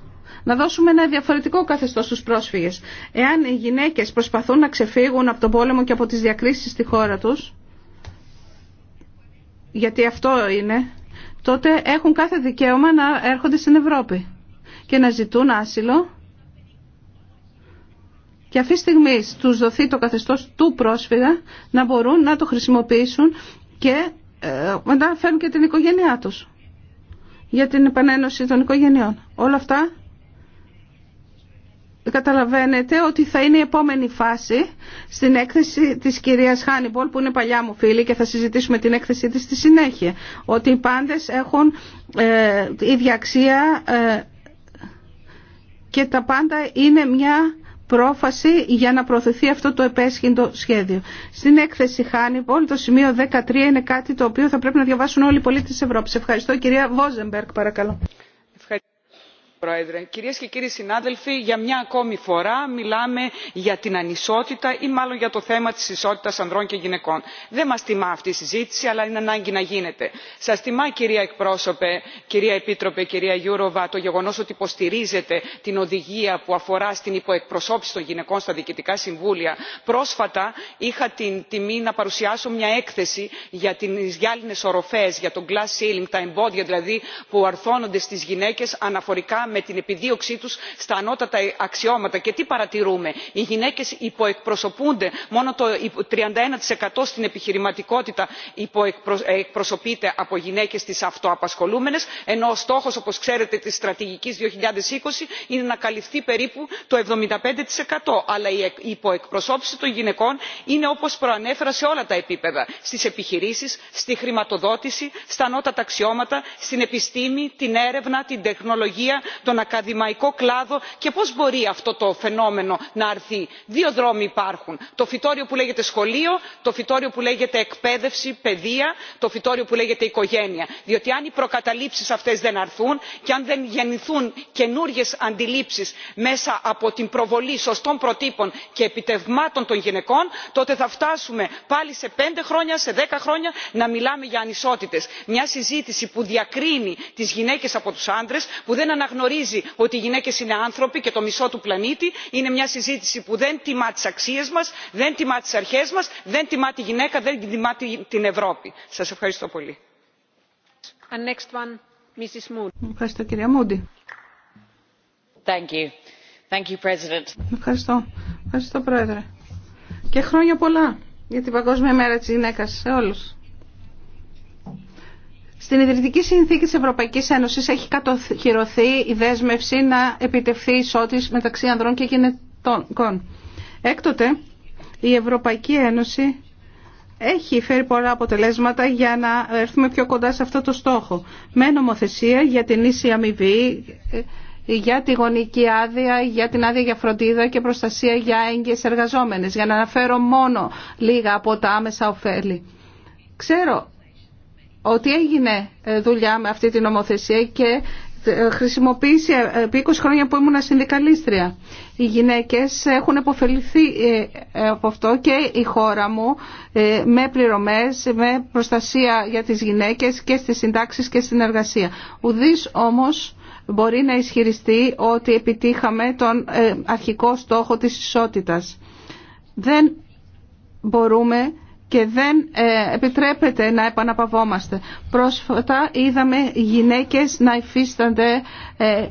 Να δώσουμε ένα διαφορετικό καθεστώς στους πρόσφυγες. Εάν οι γυναίκες προσπαθούν να ξεφύγουν από τον πόλεμο και από τις διακρίσεις στη χώρα τους, γιατί αυτό είναι, τότε έχουν κάθε δικαίωμα να έρχονται στην Ευρώπη και να ζητούν άσυλο και αυτή τη στιγμή τους δοθεί το καθεστώς του πρόσφυγα να μπορούν να το χρησιμοποιήσουν και ε, μετά φέρουν και την οικογένειά τους για την επανένωση των οικογενειών. Όλα αυτά καταλαβαίνετε ότι θα είναι η επόμενη φάση στην έκθεση της κυρίας Χάνιμπολ που είναι παλιά μου φίλη και θα συζητήσουμε την έκθεσή της στη συνέχεια ότι οι πάντες έχουν ίδια ε, αξία ε, και τα πάντα είναι μια πρόφαση για να προωθηθεί αυτό το επέσχυντο σχέδιο. Στην έκθεση Χάνιμπολ το σημείο 13 είναι κάτι το οποίο θα πρέπει να διαβάσουν όλοι οι πολίτες της Ευρώπης. Ευχαριστώ κυρία Βόζεμπερκ, παρακαλώ. Πρόεδρε, κυρίες και κύριοι συνάδελφοι, για μια ακόμη φορά μιλάμε για την ανισότητα ή μάλλον για το θέμα της ισότητας ανδρών και γυναικών. Δεν μας τιμά αυτή η συζήτηση, αλλά είναι ανάγκη να γίνεται. Σας τιμά, κυρία εκπρόσωπε, κυρία Επίτροπε, κυρία Γιούροβα, το γεγονός ότι υποστηρίζετε την οδηγία που αφορά στην υποεκπροσώπηση των γυναικών στα διοικητικά συμβούλια. Πρόσφατα είχα την τιμή να παρουσιάσω μια έκθεση για τις γυάλινες οροφές, για το glass ceiling, τα εμπόδια δηλαδή που αρθώνονται στις γυναίκες αναφορικά με την επιδίωξή τους στα ανώτατα αξιώματα και τι παρατηρούμε οι γυναίκες υποεκπροσωπούνται μόνο το 31% στην επιχειρηματικότητα ε, εκπροσωπείται από γυναίκες τις αυτοαπασχολούμενες ενώ ο στόχος όπως ξέρετε της στρατηγικής 2020 είναι να καλυφθεί περίπου το 75% αλλά η υποεκπροσώπηση των γυναικών είναι όπως προανέφερα σε όλα τα επίπεδα στις επιχειρήσεις στη χρηματοδότηση στα ανώτατα αξιώματα στην επιστήμη την έρευνα την τεχνολογία τον ακαδημαϊκό κλάδο και πώς μπορεί αυτό το φαινόμενο να αρθεί. δύο δρόμοι υπάρχουν το φυτόριο που λέγεται σχολείο το φυτόριο που λέγεται εκπαίδευση παιδεία το φυτόριο που λέγεται οικογένεια διότι αν οι προκαταλήψεις αυτές δεν αρθούν και αν δεν γεννηθούν καινούριε αντιλήψεις μέσα από την προβολή σωστών προτύπων και επιτευγμάτων των γυναικών τότε θα φτάσουμε πάλι σε πέντε χρόνια σε δέκα χρόνια να μιλάμε για ανισότητες. μια συζήτηση που διακρίνει τις γυναίκες από τους άντρες που δεν αναγνωρίζει ότι οι γυναίκες είναι άνθρωποι και το μισό του πλανήτη είναι μια συζήτηση που δεν τιμά τις αξίες μας δεν τιμά τις αρχές μας δεν τιμά τη γυναίκα δεν τιμά την ευρώπη. σας ευχαριστώ πολύ. Ευχαριστώ, κυρία Μούντι. Ευχαριστώ. Ευχαριστώ, Πρόεδρε. Και χρόνια πολλά για την Παγκόσμια Μέρα της Γυναίκας σε όλους. Στην ιδρυτική συνθήκη της Ευρωπαϊκής Ένωσης έχει κατοχυρωθεί η δέσμευση να επιτευχθεί ισότης μεταξύ ανδρών και γυναικών. Έκτοτε, η Ευρωπαϊκή Ένωση έχει φέρει πολλά αποτελέσματα για να έρθουμε πιο κοντά σε αυτό το στόχο. Με νομοθεσία για την ίση αμοιβή, για τη γονική άδεια, για την άδεια για φροντίδα και προστασία για έγκυες εργαζόμενες, για να αναφέρω μόνο λίγα από τα άμεσα ωφέλη. Ξέρω ότι έγινε ε, δουλειά με αυτή την νομοθεσία και ε, χρησιμοποίησε ε, επί 20 χρόνια που ήμουν συνδικαλίστρια. Οι γυναίκες έχουν επωφεληθεί από αυτό και η χώρα μου με πληρωμές, με προστασία για τις γυναίκες και στις συντάξεις και στην εργασία. Ουδής όμως μπορεί να ισχυριστεί ότι επιτύχαμε τον αρχικό στόχο της ισότητας. Δεν μπορούμε και δεν ε, επιτρέπεται να επαναπαυόμαστε. Πρόσφατα είδαμε γυναίκες να υφίστανται ε,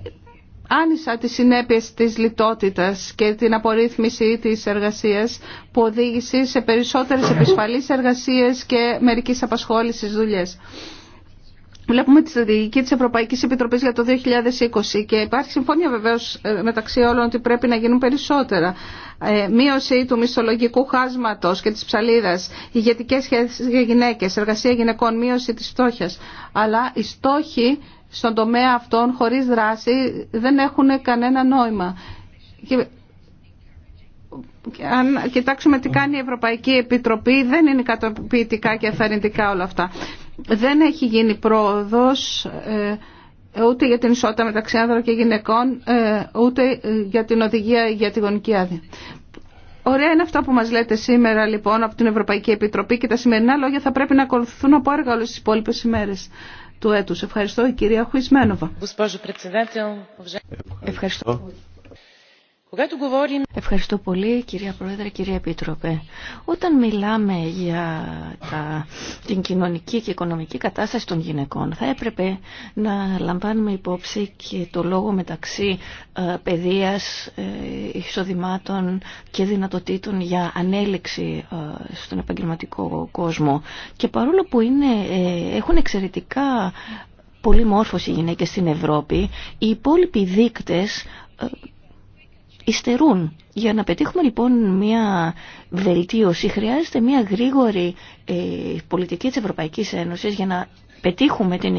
άνισα τις συνέπειες της λιτότητας και την απορρίθμιση της εργασίας που οδήγησε σε περισσότερες επισφαλείς εργασίες και μερικής απασχόλησης δουλειές. Βλέπουμε τη στρατηγική της Ευρωπαϊκής Επιτροπής για το 2020 και υπάρχει συμφωνία βεβαίως ε, μεταξύ όλων ότι πρέπει να γίνουν περισσότερα. Ε, μείωση του μισθολογικού χάσματος και της ψαλίδας, ηγετικές σχέσεις για γυναίκες, εργασία γυναικών, μείωση της φτώχειας. Αλλά οι στόχοι στον τομέα αυτών χωρίς δράση δεν έχουν κανένα νόημα. Και αν κοιτάξουμε τι κάνει η Ευρωπαϊκή Επιτροπή, δεν είναι κατοποιητικά και αθαρρυντικά όλα αυτά δεν έχει γίνει πρόοδος ε, ούτε για την ισότητα μεταξύ άνδρων και γυναικών, ε, ούτε για την οδηγία για τη γονική άδεια. Ωραία είναι αυτά που μας λέτε σήμερα λοιπόν από την Ευρωπαϊκή Επιτροπή και τα σημερινά λόγια θα πρέπει να ακολουθούν από έργα όλες τις υπόλοιπες ημέρες του έτους. Ευχαριστώ η κυρία Χουισμένοβα. Ευχαριστώ. Ευχαριστώ πολύ κυρία Πρόεδρε, κυρία Επίτροπε. Όταν μιλάμε για την κοινωνική και οικονομική κατάσταση των γυναικών θα έπρεπε να λαμβάνουμε υπόψη και το λόγο μεταξύ ε, παιδείας, ε, εισοδημάτων και δυνατοτήτων για ανέλεξη ε, στον επαγγελματικό κόσμο. Και παρόλο που είναι, ε, έχουν εξαιρετικά πολύ μόρφωση οι γυναίκες στην Ευρώπη, οι υπόλοιποι δείκτες υστερούν. Για να πετύχουμε λοιπόν μια βελτίωση χρειάζεται μια γρήγορη ε, πολιτική της Ευρωπαϊκής Ένωσης για να πετύχουμε την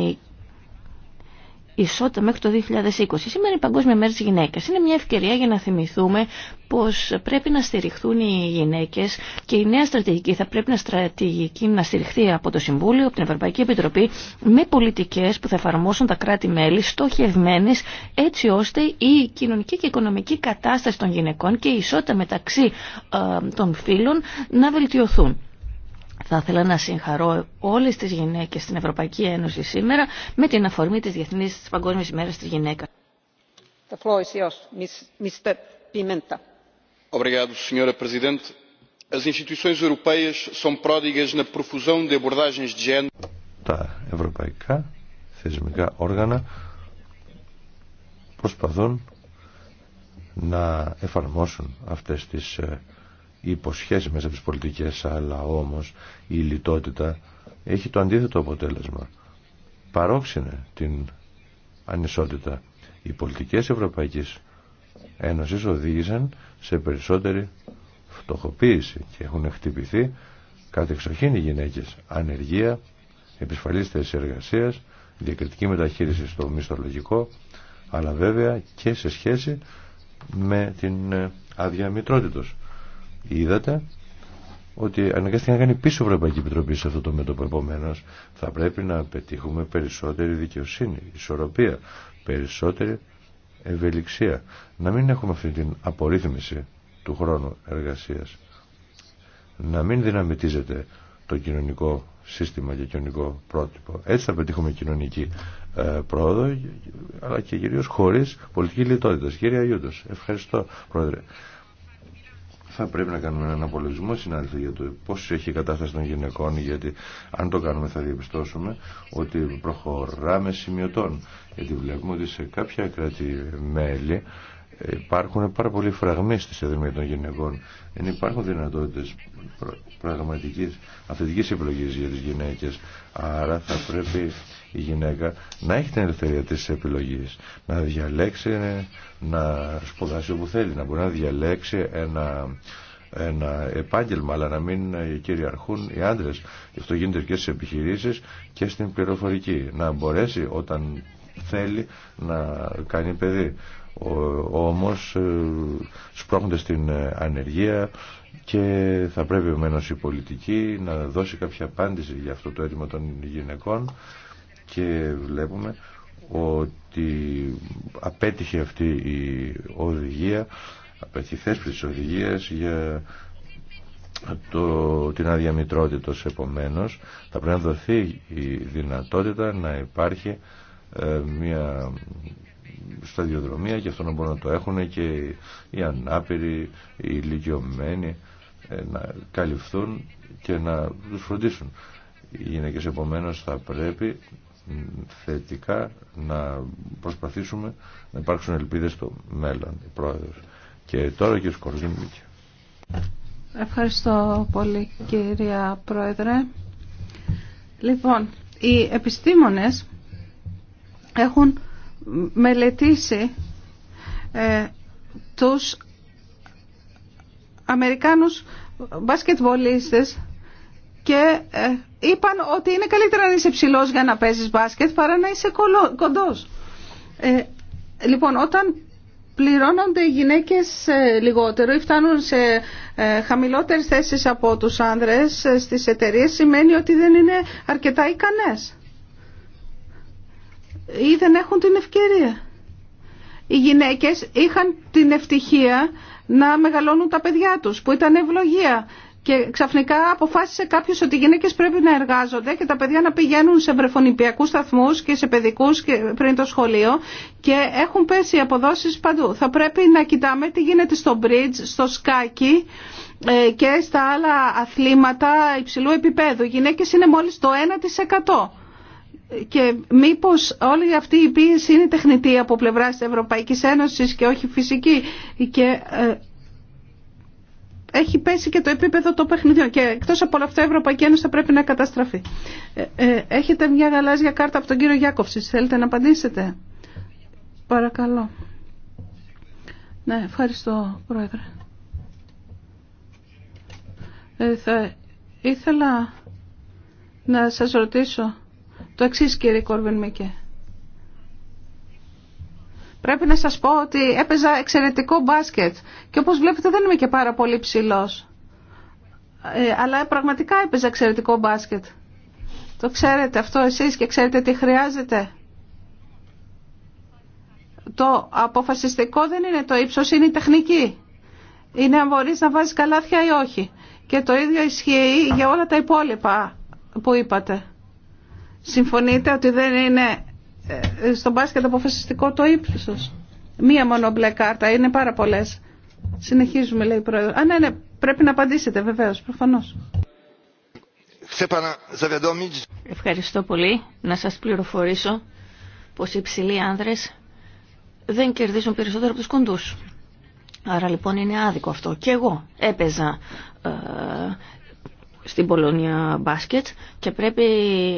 ισότητα μέχρι το 2020. Σήμερα η Παγκόσμια Μέρα της Γυναίκας είναι μια ευκαιρία για να θυμηθούμε πως πρέπει να στηριχθούν οι γυναίκες και η νέα στρατηγική θα πρέπει να, στρατηγική, να στηριχθεί από το Συμβούλιο, από την Ευρωπαϊκή Επιτροπή με πολιτικές που θα εφαρμόσουν τα κράτη-μέλη στοχευμένες έτσι ώστε η κοινωνική και οικονομική κατάσταση των γυναικών και η ισότητα μεταξύ ε, των φύλων να βελτιωθούν. Θα ήθελα να συγχαρώ όλες τις γυναίκες στην Ευρωπαϊκή Ένωση σήμερα με την αφορμή της Διεθνής της Παγκόσμιας ημέρας της γυναίκας. Τα ευρωπαϊκά θεσμικά όργανα προσπαθούν να εφαρμόσουν αυτές τις ε, υποσχέσει μέσα από τι πολιτικές αλλά όμως η λιτότητα έχει το αντίθετο αποτέλεσμα παρόξενε την ανισότητα οι πολιτικές Ευρωπαϊκής Ένωσης οδήγησαν σε περισσότερη φτωχοποίηση και έχουν χτυπηθεί κατεξοχήν οι γυναίκε ανεργία, επισφαλής θέση εργασίας διακριτική μεταχείριση στο μισθολογικό αλλά βέβαια και σε σχέση με την άδεια ε, είδατε ότι αναγκάστηκε να κάνει πίσω Ευρωπαϊκή Επιτροπή σε αυτό το μέτωπο. Επομένω, θα πρέπει να πετύχουμε περισσότερη δικαιοσύνη, ισορροπία, περισσότερη ευελιξία. Να μην έχουμε αυτή την απορρίθμιση του χρόνου εργασία. Να μην δυναμητίζεται το κοινωνικό σύστημα και κοινωνικό πρότυπο. Έτσι θα πετύχουμε κοινωνική ε, πρόοδο, αλλά και κυρίω χωρί πολιτική λιτότητα. Κύριε Αγίουτο, ευχαριστώ, Πρόεδρε θα πρέπει να κάνουμε έναν απολογισμό συνάδελφοι για το πώς έχει η κατάσταση των γυναικών γιατί αν το κάνουμε θα διαπιστώσουμε ότι προχωράμε σημειωτών γιατί βλέπουμε ότι σε κάποια κράτη-μέλη υπάρχουν πάρα πολλοί φραγμοί στη με των γυναικών. Δεν υπάρχουν δυνατότητες πραγματικής, αυθεντικής επιλογής για τις γυναίκες. Άρα θα πρέπει η γυναίκα να έχει την ελευθερία της επιλογής, να διαλέξει να σπουδάσει όπου θέλει, να μπορεί να διαλέξει ένα, ένα επάγγελμα, αλλά να μην κυριαρχούν οι άντρε Γι' αυτό γίνεται και στι επιχειρήσεις και στην πληροφορική. Να μπορέσει όταν θέλει να κάνει παιδί. Όμω όμως ε, σπρώχνονται στην ανεργία και θα πρέπει ο η πολιτική να δώσει κάποια απάντηση για αυτό το έτοιμο των γυναικών και βλέπουμε ότι απέτυχε αυτή η οδηγία απέτυχε η θέσπιση της οδηγίας για το, την άδεια μητρότητος επομένως θα πρέπει να δοθεί η δυνατότητα να υπάρχει ε, μια σταδιοδρομία και αυτό να μπορούν να το έχουν και οι ανάπηροι, οι ηλικιωμένοι ε, να καλυφθούν και να τους φροντίσουν. Οι γυναίκες επομένως θα πρέπει θετικά να προσπαθήσουμε να υπάρξουν ελπίδες στο μέλλον, η Πρόεδρος. Και τώρα και Σκορδίνη Ευχαριστώ πολύ κυρία Πρόεδρε. Λοιπόν, οι επιστήμονες έχουν μελετήσει ε, τους Αμερικάνους μπασκετβολίστες και ε, είπαν ότι είναι καλύτερα να είσαι ψηλό για να παίζει μπάσκετ παρά να είσαι κοντός. Ε, λοιπόν, όταν πληρώνονται οι γυναίκες ε, λιγότερο ή φτάνουν σε χαμηλότερες θέσεις από τους άνδρες στις εταιρείες σημαίνει ότι δεν είναι αρκετά ικανές ή δεν έχουν την ευκαιρία. Οι γυναίκες είχαν την ευτυχία να μεγαλώνουν τα παιδιά τους που ήταν ευλογία και ξαφνικά αποφάσισε κάποιο ότι οι γυναίκε πρέπει να εργάζονται και τα παιδιά να πηγαίνουν σε βρεφονιπιακού σταθμού και σε παιδικού πριν το σχολείο και έχουν πέσει οι αποδόσει παντού. Θα πρέπει να κοιτάμε τι γίνεται στο bridge, στο σκάκι ε, και στα άλλα αθλήματα υψηλού επίπεδου. Οι γυναίκε είναι μόλι το 1%. Και μήπως όλη αυτή η πίεση είναι τεχνητή από πλευράς της Ευρωπαϊκής Ένωσης και όχι φυσική ε, έχει πέσει και το επίπεδο των παιχνιδιών και εκτός από όλα αυτά η Ευρωπαϊκή Ένωση θα πρέπει να καταστραφεί. Ε, ε, έχετε μια γαλάζια κάρτα από τον κύριο Γιάκοψη. Θέλετε να απαντήσετε. Παρακαλώ. Ναι, ευχαριστώ Πρόεδρε. Ε, θα ήθελα να σας ρωτήσω το εξής κύριε Κόρβεν Μίκε. Πρέπει να σας πω ότι έπαιζα εξαιρετικό μπάσκετ και όπως βλέπετε δεν είμαι και πάρα πολύ ψηλός. Ε, αλλά πραγματικά έπαιζα εξαιρετικό μπάσκετ. Το ξέρετε αυτό εσείς και ξέρετε τι χρειάζεται. Το αποφασιστικό δεν είναι το ύψος, είναι η τεχνική. Είναι αν μπορείς να βάζεις καλάθια ή όχι. Και το ίδιο ισχύει για όλα τα υπόλοιπα που είπατε. Συμφωνείτε ότι δεν είναι ε, στο μπάσκετ αποφασιστικό το ύψο. Μία μόνο μπλε κάρτα, είναι πάρα πολλέ. Συνεχίζουμε, λέει η Πρόεδρο. Α, ναι, ναι, πρέπει να απαντήσετε, βεβαίως, προφανώς. Ευχαριστώ πολύ. Να σας πληροφορήσω πως οι υψηλοί άνδρες δεν κερδίζουν περισσότερο από τους κοντούς. Άρα λοιπόν είναι άδικο αυτό. Και εγώ έπαιζα ε, στην Πολωνία μπάσκετ και πρέπει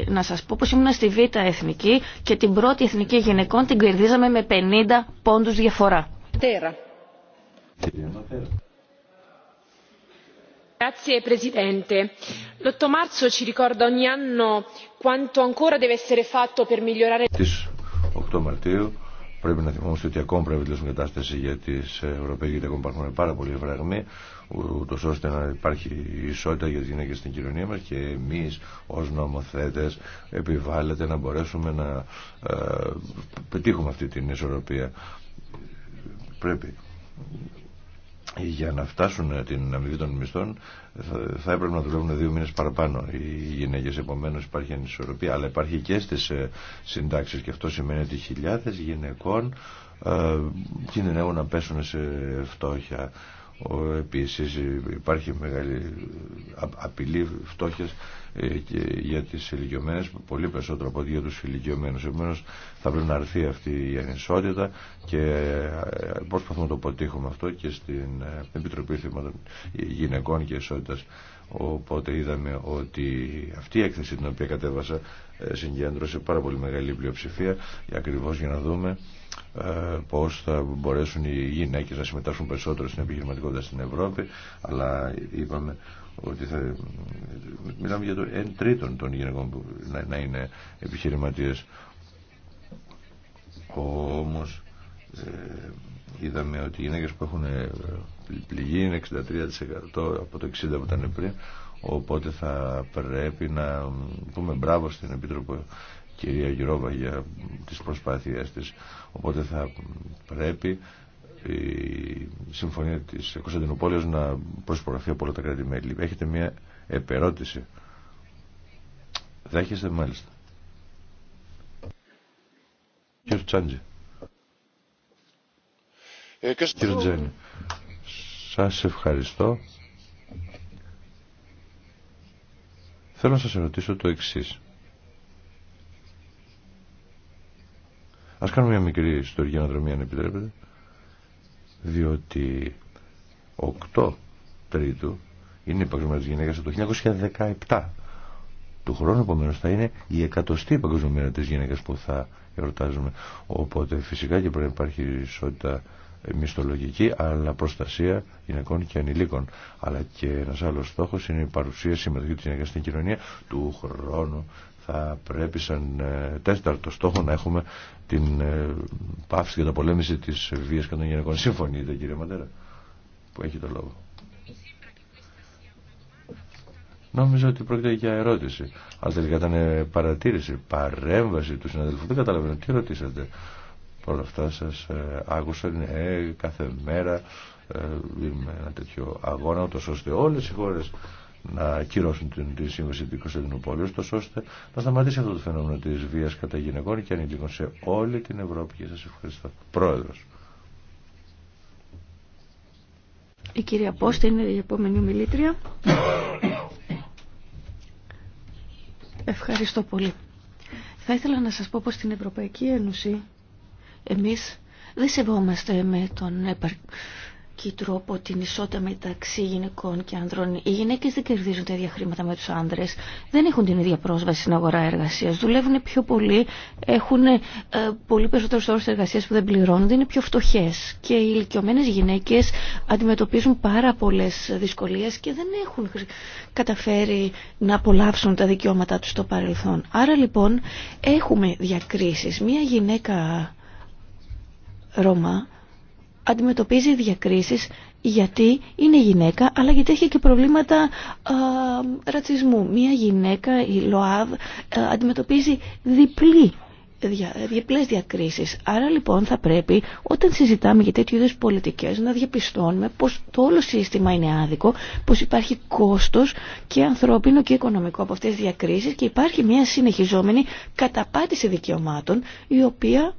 να σας πω πως ήμουν στη Β' Εθνική και την πρώτη Εθνική Γυναικών την κερδίζαμε με 50 πόντους διαφορά. Τέρα. Grazie Presidente. L'8 marzo ci ricorda ogni anno quanto ancora deve essere fatto per migliorare... Τις 8 Μαρτίου πρέπει να θυμόμαστε ότι ακόμα πρέπει να κατάσταση για τις ε, Ευρωπαϊκές υπάρχουν πάρα πολλοί βραγμοί ούτω ώστε να υπάρχει ισότητα για τι γυναίκε στην κοινωνία μα και εμεί, ω νομοθέτε, επιβάλλεται να μπορέσουμε να ε, πετύχουμε αυτή την ισορροπία. Πρέπει για να φτάσουν την αμοιβή των μισθών θα έπρεπε να δουλεύουν δύο μήνες παραπάνω οι γυναίκες επομένως υπάρχει ανισορροπία αλλά υπάρχει και στις ε, συντάξεις και αυτό σημαίνει ότι χιλιάδες γυναικών ε, κινδυνεύουν να πέσουν σε φτώχεια Επίσης υπάρχει μεγάλη απειλή φτώχειας ε, για τις ηλικιωμένες, πολύ περισσότερο από για τους ηλικιωμένους. επομένω θα πρέπει να αρθεί αυτή η ανισότητα και ε, προσπαθούμε να το αποτύχουμε αυτό και στην ε, Επιτροπή Θεμάτων Γυναικών και Ισότητας. Οπότε είδαμε ότι αυτή η έκθεση την οποία κατέβασα συγκέντρωσε πάρα πολύ μεγάλη πλειοψηφία ακριβώς για να δούμε ε, πώς θα μπορέσουν οι γυναίκες να συμμετάσχουν περισσότερο στην επιχειρηματικότητα στην Ευρώπη αλλά είπαμε ότι θα... μιλάμε για το 1 τρίτον των γυναικών που να, είναι επιχειρηματίες όμως ε, είδαμε ότι οι γυναίκες που έχουν ε, πληγεί είναι 63% από το 60% που ήταν πριν οπότε θα πρέπει να πούμε μπράβο στην Επίτροπο κυρία Γιρόβα για τις προσπάθειές της. Οπότε θα πρέπει η συμφωνία της Κωνσταντινούπολης να προσπαθεί από όλα τα κράτη-μέλη. Έχετε μια επερώτηση. Δέχεστε μάλιστα. Κύριε Τσάντζη. Ε, Κύριε Τζένι σας ευχαριστώ. Θέλω να σας ερωτήσω το εξής. Ας κάνουμε μια μικρή ιστορική αναδρομία αν επιτρέπετε. Διότι 8 Τρίτου είναι η Παγκοσμία Γυναίκας το 1917 του χρόνου επομένως θα είναι η εκατοστή παγκοσμία της γυναίκας που θα ερωτάζουμε. Οπότε φυσικά και πρέπει να υπάρχει ισότητα μισθολογική αλλά προστασία γυναικών και ανηλίκων. Αλλά και ένας άλλος στόχος είναι η παρουσία συμμετοχή της γυναίκας στην κοινωνία του χρόνου θα πρέπει σαν ε, τέταρτο στόχο να έχουμε την ε, πάυση και τα πολέμηση τη βία και των γυναικών. Συμφωνείτε κύριε Ματέρα που έχει το λόγο. Νόμιζα ότι πρόκειται για ερώτηση. Αλλά τελικά ήταν ε, παρατήρηση, παρέμβαση του συναδέλφου. Δεν καταλαβαίνω τι ρωτήσατε. Όλα αυτά σας άκουσα. κάθε μέρα με ένα τέτοιο αγώνα, ώστε όλε οι χώρε να ακυρώσουν την, τη σύμβαση του Κωνσταντινούπολη, ώστε να σταματήσει αυτό το φαινόμενο τη βία κατά γυναικών και ανηλίκων σε όλη την Ευρώπη. Και σα ευχαριστώ. Πρόεδρο. Η κυρία Πόστη είναι η επόμενη μιλήτρια. Ευχαριστώ πολύ. Θα ήθελα να σας πω πως στην Ευρωπαϊκή Ένωση εμείς δεν σεβόμαστε με τον και τρόπο την ισότητα μεταξύ γυναικών και ανδρών. Οι γυναίκε δεν κερδίζουν τα ίδια χρήματα με του άντρε, δεν έχουν την ίδια πρόσβαση στην αγορά εργασία, δουλεύουν πιο πολύ, έχουν ε, πολύ περισσότερου όρου εργασία που δεν πληρώνονται, είναι πιο φτωχέ. Και οι ηλικιωμένε γυναίκε αντιμετωπίζουν πάρα πολλέ δυσκολίε και δεν έχουν καταφέρει να απολαύσουν τα δικαιώματά του στο παρελθόν. Άρα λοιπόν έχουμε διακρίσει. Μία γυναίκα Ρώμα αντιμετωπίζει διακρίσεις γιατί είναι γυναίκα αλλά γιατί έχει και προβλήματα ρατσισμού. Μία γυναίκα, η ΛΟΑΔ, ε, αντιμετωπίζει διπλή δια, διακρίσεις. Άρα λοιπόν θα πρέπει όταν συζητάμε για τέτοιου είδους πολιτικές να διαπιστώνουμε πως το όλο σύστημα είναι άδικο, πως υπάρχει κόστος και ανθρώπινο και οικονομικό από αυτές τις διακρίσεις και υπάρχει μια συνεχιζόμενη καταπάτηση δικαιωμάτων η οποία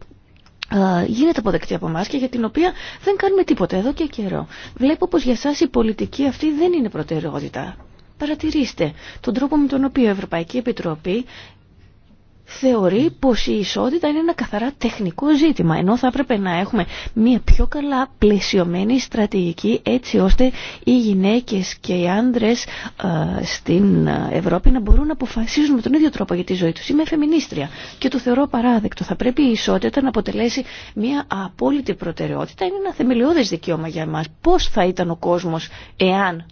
γίνεται αποδεκτή από εμά και για την οποία δεν κάνουμε τίποτα εδώ και καιρό. Βλέπω πως για σας η πολιτική αυτή δεν είναι προτεραιότητα. Παρατηρήστε τον τρόπο με τον οποίο η Ευρωπαϊκή Επιτροπή θεωρεί πως η ισότητα είναι ένα καθαρά τεχνικό ζήτημα, ενώ θα έπρεπε να έχουμε μια πιο καλά πλαισιωμένη στρατηγική έτσι ώστε οι γυναίκες και οι άντρες ε, στην Ευρώπη να μπορούν να αποφασίζουν με τον ίδιο τρόπο για τη ζωή τους. Είμαι φεμινίστρια και το θεωρώ παράδεκτο. Θα πρέπει η ισότητα να αποτελέσει μια απόλυτη προτεραιότητα. Είναι ένα θεμελιώδες δικαίωμα για εμάς. Πώς θα ήταν ο κόσμος εάν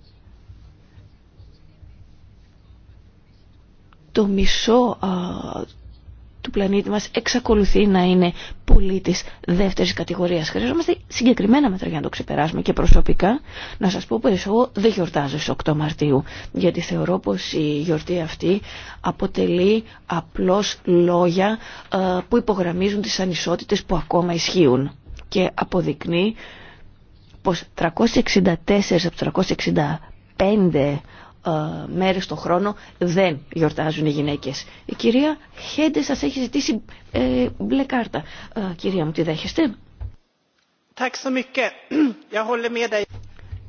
το μισό του πλανήτη μας εξακολουθεί να είναι πολίτης δεύτερης κατηγορίας. Χρειαζόμαστε συγκεκριμένα μέτρα για να το ξεπεράσουμε και προσωπικά να σας πω πως εγώ δεν γιορτάζω στις 8 Μαρτίου γιατί θεωρώ πως η γιορτή αυτή αποτελεί απλώς λόγια ε, που υπογραμμίζουν τις ανισότητες που ακόμα ισχύουν και αποδεικνύει πως 364 από 365 ε, μέρες το χρόνο δεν γιορτάζουν οι γυναίκες. Η κυρία Χέντε σας έχει ζητήσει ε, μπλε κάρτα. Ε, κυρία μου, τη δέχεστε.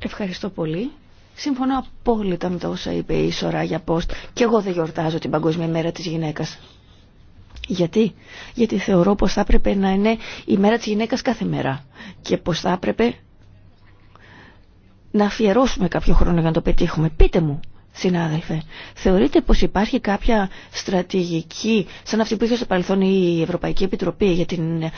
Ευχαριστώ πολύ. Σύμφωνα απόλυτα με τα όσα είπε η Σοράγια Πόστ και εγώ δεν γιορτάζω την Παγκόσμια Μέρα της Γυναίκας. Γιατί? Γιατί θεωρώ πως θα έπρεπε να είναι η Μέρα της Γυναίκας κάθε μέρα και πως θα έπρεπε να αφιερώσουμε κάποιο χρόνο για να το πετύχουμε. Πείτε μου, συνάδελφε, θεωρείτε πως υπάρχει κάποια στρατηγική, σαν αυτή που είχε στο παρελθόν η Ευρωπαϊκή Επιτροπή για την ε,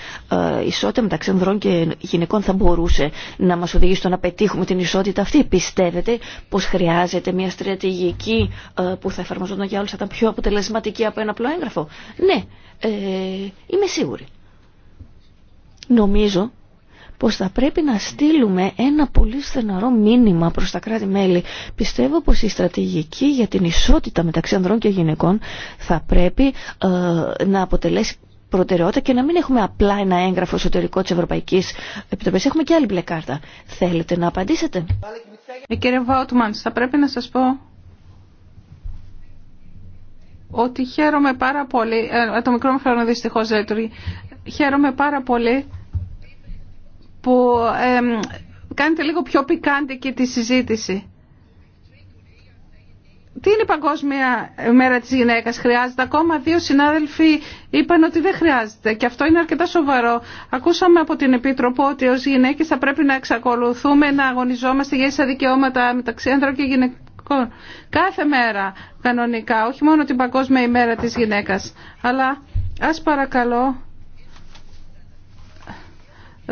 ισότητα μεταξύ ανδρών και γυναικών θα μπορούσε να μας οδηγήσει στο να πετύχουμε την ισότητα αυτή. Πιστεύετε πως χρειάζεται μια στρατηγική ε, που θα εφαρμοζόταν για όλους, θα ήταν πιο αποτελεσματική από ένα απλό έγγραφο. Ναι, ε, είμαι σίγουρη. Νομίζω πως θα πρέπει να στείλουμε ένα πολύ στεναρό μήνυμα προς τα κράτη-μέλη. Πιστεύω πως η στρατηγική για την ισότητα μεταξύ ανδρών και γυναικών θα πρέπει ε, να αποτελέσει προτεραιότητα και να μην έχουμε απλά ένα έγγραφο εσωτερικό της Ευρωπαϊκής Επιτροπής. Έχουμε και άλλη μπλε κάρτα. Θέλετε να απαντήσετε. Ε, κύριε Βάουτμαν, θα πρέπει να σας πω ότι χαίρομαι πάρα πολύ, ε, ε, το μικρό μου φρόνο δυστυχώς δεν λειτουργεί, χαίρομαι πάρα πολύ που κάνετε λίγο πιο πικάντικη τη συζήτηση. Τι είναι η Παγκόσμια Μέρα της Γυναίκας, χρειάζεται. Ακόμα δύο συνάδελφοι είπαν ότι δεν χρειάζεται και αυτό είναι αρκετά σοβαρό. Ακούσαμε από την Επίτροπο ότι ως γυναίκες θα πρέπει να εξακολουθούμε να αγωνιζόμαστε για ίσα δικαιώματα μεταξύ άνδρων και γυναικών. Κάθε μέρα κανονικά, όχι μόνο την Παγκόσμια ημέρα της γυναίκας. Αλλά ας παρακαλώ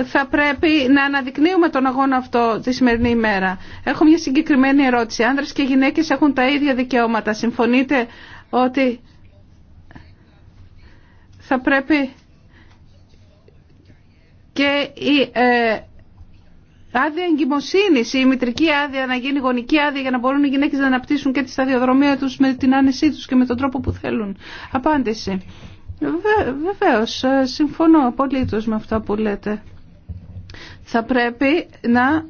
θα πρέπει να αναδεικνύουμε τον αγώνα αυτό τη σημερινή ημέρα. Έχω μια συγκεκριμένη ερώτηση. Άνδρες και γυναίκες έχουν τα ίδια δικαιώματα. Συμφωνείτε ότι θα πρέπει και η ε, άδεια εγκυμοσύνη, η μητρική άδεια να γίνει γονική άδεια για να μπορούν οι γυναίκες να αναπτύσσουν και τη σταδιοδρομία τους με την άνεσή του και με τον τρόπο που θέλουν. Απάντηση. Βε, βεβαίως, ε, συμφωνώ απολύτως με αυτά που λέτε θα πρέπει να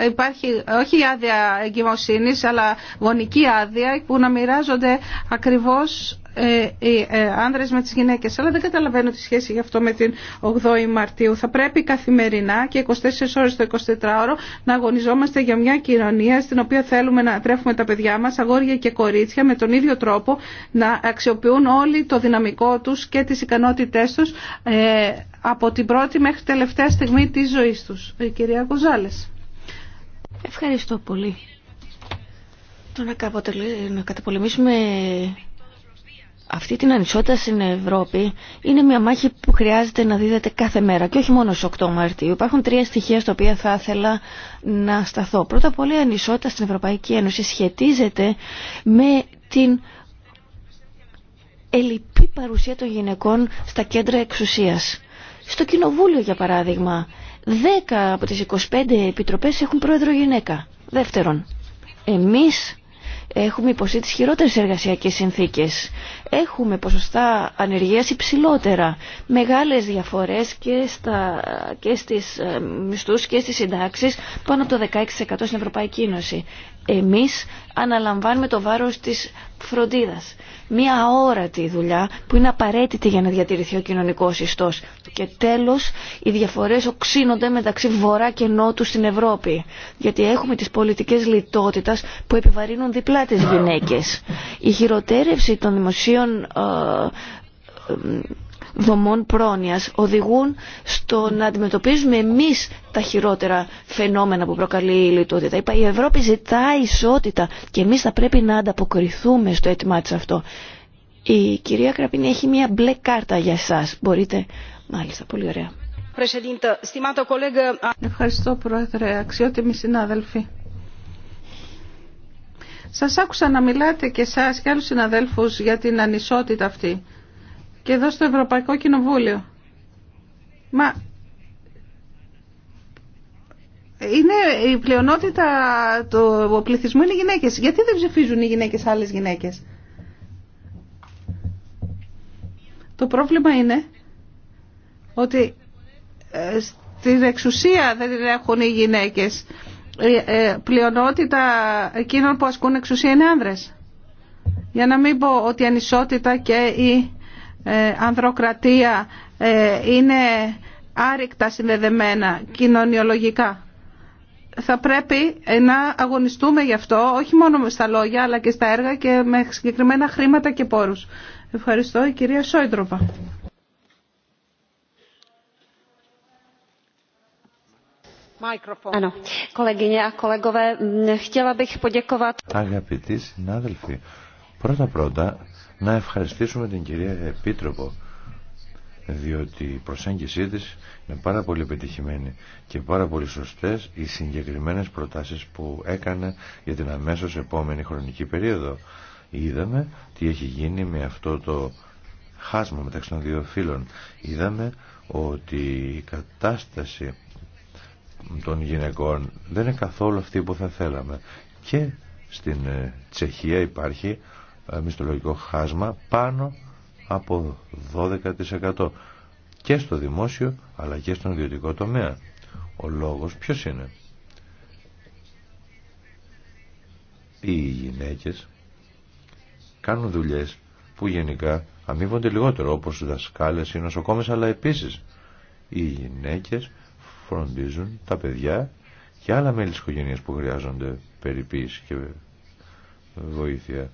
ε, υπάρχει όχι άδεια εγκυμοσύνης αλλά γονική άδεια που να μοιράζονται ακριβώς ε, οι ε, άνδρες με τις γυναίκες. Αλλά δεν καταλαβαίνω τη σχέση γι' αυτό με την 8η Μαρτίου. Θα πρέπει καθημερινά και 24 ώρες το 24ωρο να αγωνιζόμαστε για μια κοινωνία στην οποία θέλουμε να τρέφουμε τα παιδιά μας, αγόρια και κορίτσια, με τον ίδιο τρόπο να αξιοποιούν όλοι το δυναμικό τους και τις ικανότητές τους ε, από την πρώτη μέχρι τελευταία στιγμή της ζωής τους. κυρία Κοζάλες. Ευχαριστώ πολύ. Το να, καταπολεμήσουμε αυτή την ανισότητα στην Ευρώπη είναι μια μάχη που χρειάζεται να δίδεται κάθε μέρα και όχι μόνο στις 8 Μαρτίου. Υπάρχουν τρία στοιχεία στα οποία θα ήθελα να σταθώ. Πρώτα απ' όλα η ανισότητα στην Ευρωπαϊκή Ένωση σχετίζεται με την ελλειπή παρουσία των γυναικών στα κέντρα εξουσίας. Στο Κοινοβούλιο για παράδειγμα, 10 από τις 25 επιτροπές έχουν πρόεδρο γυναίκα. Δεύτερον, εμείς έχουμε υποστεί τις χειρότερες εργασιακές συνθήκες έχουμε ποσοστά ανεργίας υψηλότερα, μεγάλες διαφορές και, στα, και στις ε, μισθούς και στις συντάξεις πάνω από το 16% στην Ευρωπαϊκή Ένωση. Εμείς αναλαμβάνουμε το βάρος της φροντίδας. Μία αόρατη δουλειά που είναι απαραίτητη για να διατηρηθεί ο κοινωνικός ιστός. Και τέλος, οι διαφορές οξύνονται μεταξύ βορρά και νότου στην Ευρώπη. Γιατί έχουμε τις πολιτικές λιτότητας που επιβαρύνουν διπλά τις γυναίκες. Η χειροτέρευση των δημοσίων ε, ε, δομών πρόνοιας οδηγούν στο να αντιμετωπίζουμε εμείς τα χειρότερα φαινόμενα που προκαλεί η λιτότητα. Η Ευρώπη ζητά ισότητα και εμείς θα πρέπει να ανταποκριθούμε στο αίτημά της αυτό. Η κυρία Κραπίνη έχει μία μπλε κάρτα για εσάς. Μπορείτε. Μάλιστα, πολύ ωραία. Ευχαριστώ Πρόεδρε, αξιότιμοι συνάδελφοι. Σας άκουσα να μιλάτε και εσάς και άλλους συναδέλφους για την ανισότητα αυτή και εδώ στο Ευρωπαϊκό Κοινοβούλιο. Μα είναι, η πλειονότητα του πληθυσμού είναι γυναίκες. Γιατί δεν ψηφίζουν οι γυναίκες άλλες γυναίκες. Το πρόβλημα είναι ότι ε, στην εξουσία δεν την έχουν οι γυναίκες. Ε, ε, πλειονότητα εκείνων που ασκούν εξουσία είναι άνδρες. Για να μην πω ότι η ανισότητα και η ε, ανδροκρατία είναι άρρηκτα συνδεδεμένα κοινωνιολογικά. Θα πρέπει να αγωνιστούμε γι' αυτό, όχι μόνο στα λόγια, αλλά και στα έργα και με συγκεκριμένα χρήματα και πόρους. Ευχαριστώ, η κυρία Σόιντροπα. Αγαπητοί συνάδελφοι, πρώτα-πρώτα να ευχαριστήσουμε την κυρία Επίτροπο διότι η προσέγγιση της είναι πάρα πολύ επιτυχημένη και πάρα πολύ σωστές οι συγκεκριμένες προτάσεις που έκανε για την αμέσως επόμενη χρονική περίοδο. Είδαμε τι έχει γίνει με αυτό το χάσμα μεταξύ των δύο φύλων. Είδαμε ότι η κατάσταση των γυναικών δεν είναι καθόλου αυτή που θα θέλαμε. Και στην ε, Τσεχία υπάρχει ε, μισθολογικό χάσμα πάνω από 12% και στο δημόσιο αλλά και στον ιδιωτικό τομέα. Ο λόγος ποιος είναι. Οι γυναίκες κάνουν δουλειές που γενικά αμείβονται λιγότερο όπως δασκάλες ή νοσοκόμες αλλά επίσης οι γυναίκες φροντίζουν τα παιδιά και άλλα μέλη της οικογένειας που χρειάζονται περιποίηση και βοήθεια.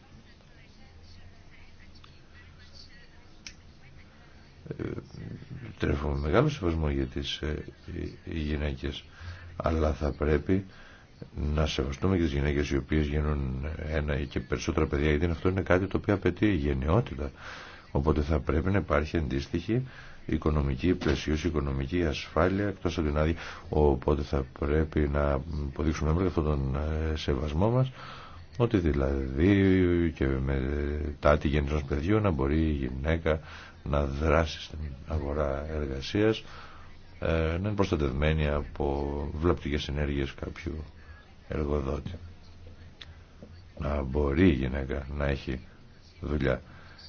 Ε, τρέφουμε μεγάλο σεβασμό για τις ε, γυναίκες, αλλά θα πρέπει να σεβαστούμε και τις γυναίκες οι οποίες γίνουν ένα ή και περισσότερα παιδιά, γιατί αυτό είναι κάτι το οποίο απαιτεί γενναιότητα. Οπότε θα πρέπει να υπάρχει αντίστοιχη οικονομική πλαισίωση, οικονομική ασφάλεια εκτός από την άδεια. Οπότε θα πρέπει να αποδείξουμε με αυτόν τον ε, σεβασμό μας ότι δηλαδή και μετά τη γεννησία παιδιού να μπορεί η γυναίκα να δράσει στην αγορά εργασίας ε, να είναι προστατευμένη από βλαπτικές ενέργειες κάποιου εργοδότη. Να μπορεί η γυναίκα να έχει δουλειά.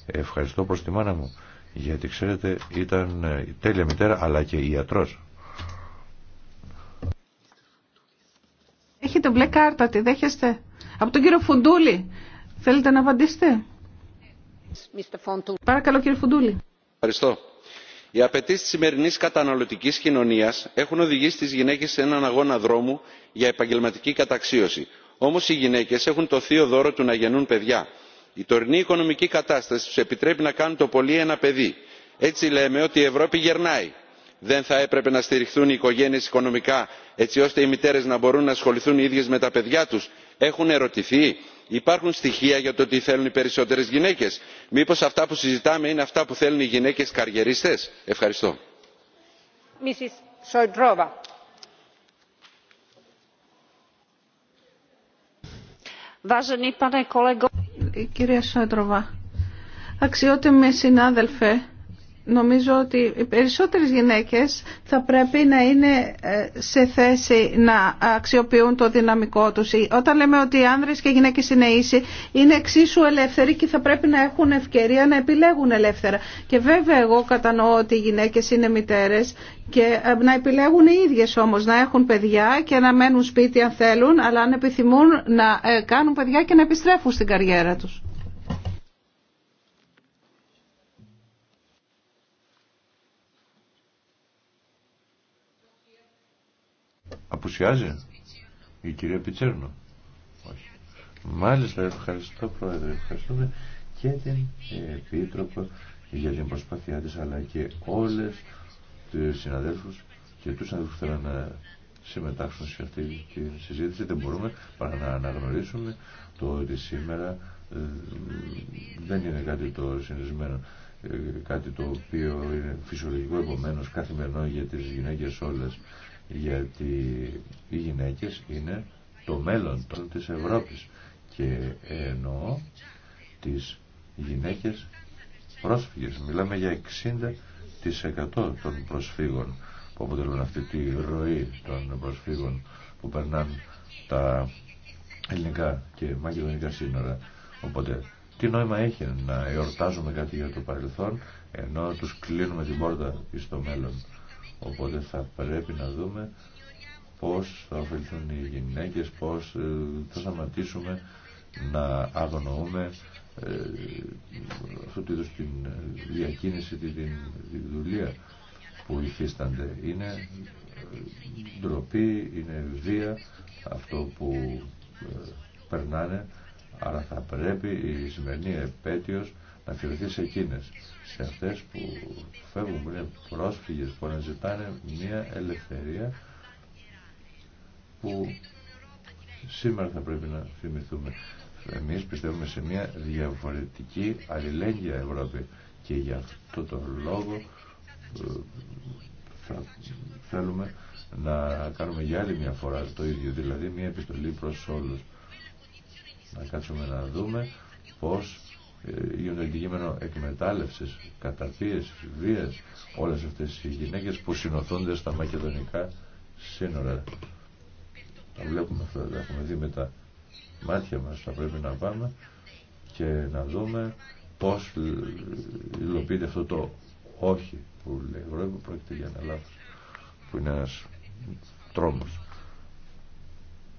Ευχαριστώ προς τη μάνα μου γιατί ξέρετε ήταν ε, η τέλεια μητέρα αλλά και η ιατρός. Έχετε μπλε κάρτα, τη δέχεστε. Από τον κύριο Φουντούλη. Θέλετε να απαντήσετε. Παρακαλώ κύριε Φουντούλη. Ευχαριστώ. Οι απαιτήσει τη σημερινή καταναλωτική κοινωνία έχουν οδηγήσει τις γυναίκε σε έναν αγώνα δρόμου για επαγγελματική καταξίωση. Όμω οι γυναίκε έχουν το θείο δώρο του να γεννούν παιδιά η τωρινή οικονομική κατάσταση του επιτρέπει να κάνουν το πολύ ένα παιδί. έτσι λέμε ότι η ευρώπη γερνάει. δεν θα έπρεπε να στηριχθούν οι οικογένειες οικονομικά έτσι ώστε οι μητέρες να μπορούν να ασχοληθούν οι ίδιες με τα παιδιά τους; έχουν ερωτηθεί; υπάρχουν στοιχεία για το τι θέλουν οι περισσότερες γυναίκες; μήπως αυτά που συζητάμε είναι αυτά που θέλουν οι γυναίκες καριερίστες; ευχαριστώ κυρία Σόντροβα. αξιότιμη συνάδελφε, Νομίζω ότι οι περισσότερες γυναίκες θα πρέπει να είναι ε, σε θέση να αξιοποιούν το δυναμικό τους. Όταν λέμε ότι οι άνδρες και οι γυναίκες είναι ίσοι, είναι εξίσου ελεύθεροι και θα πρέπει να έχουν ευκαιρία να επιλέγουν ελεύθερα. Και βέβαια εγώ κατανοώ ότι οι γυναίκες είναι μητέρες και ε, να επιλέγουν οι ίδιες όμως να έχουν παιδιά και να μένουν σπίτι αν θέλουν, αλλά αν επιθυμούν να ε, κάνουν παιδιά και να επιστρέφουν στην καριέρα τους. Απουσιάζει η κυρία Πιτσέρνο. Όχι. Μάλιστα, ευχαριστώ Πρόεδρε, ευχαριστούμε και την Επίτροπο για την προσπάθειά της, αλλά και όλες τους συναδέλφους και τους συναδέλφους που θέλουν να συμμετάξουν σε αυτή τη συζήτηση. Δεν μπορούμε παρά να αναγνωρίσουμε το ότι σήμερα ε, δεν είναι κάτι το συνδυσμένο ε, κάτι το οποίο είναι φυσιολογικό επομένως καθημερινό για τις γυναίκες όλες γιατί οι γυναίκες είναι το μέλλον της Ευρώπης και εννοώ τις γυναίκες πρόσφυγες. Μιλάμε για 60% των προσφύγων που αποτελούν αυτή τη ροή των προσφύγων που περνάνε τα ελληνικά και μακεδονικά σύνορα. Οπότε τι νόημα έχει να εορτάζουμε κάτι για το παρελθόν ενώ τους κλείνουμε την πόρτα στο μέλλον. Οπότε θα πρέπει να δούμε πώς θα ωφεληθούν οι γυναίκες, πώς ε, θα σταματήσουμε να αγνοούμε ε, αυτού του είδους την ε, διακίνηση, την δουλεία που υφίστανται. Είναι ντροπή, είναι βία αυτό που περνάνε, άρα θα πρέπει η σημερινή επέτειος να κρυφθεί σε εκείνε, σε αυτές που φεύγουν, που είναι πρόσφυγες, που αναζητάνε μια ελευθερία που σήμερα θα πρέπει να θυμηθούμε. Εμεί πιστεύουμε σε μια διαφορετική αλληλέγγυα Ευρώπη και για αυτό το λόγο ε, θέλουμε να κάνουμε για άλλη μια φορά το ίδιο, δηλαδή μια επιστολή προς όλους. Να κάτσουμε να δούμε πώς ε, γίνονται αντικείμενο εκμετάλλευση, καταπίεση, βία όλες αυτές οι γυναίκε που συνοθούνται στα μακεδονικά σύνορα. Τα βλέπουμε αυτά, τα έχουμε δει με τα μάτια μας, θα πρέπει να πάμε και να δούμε πώ υλοποιείται αυτό το όχι που λέει ο Ευρώπη, πρόκειται για ένα λάθο που είναι ένα τρόμος.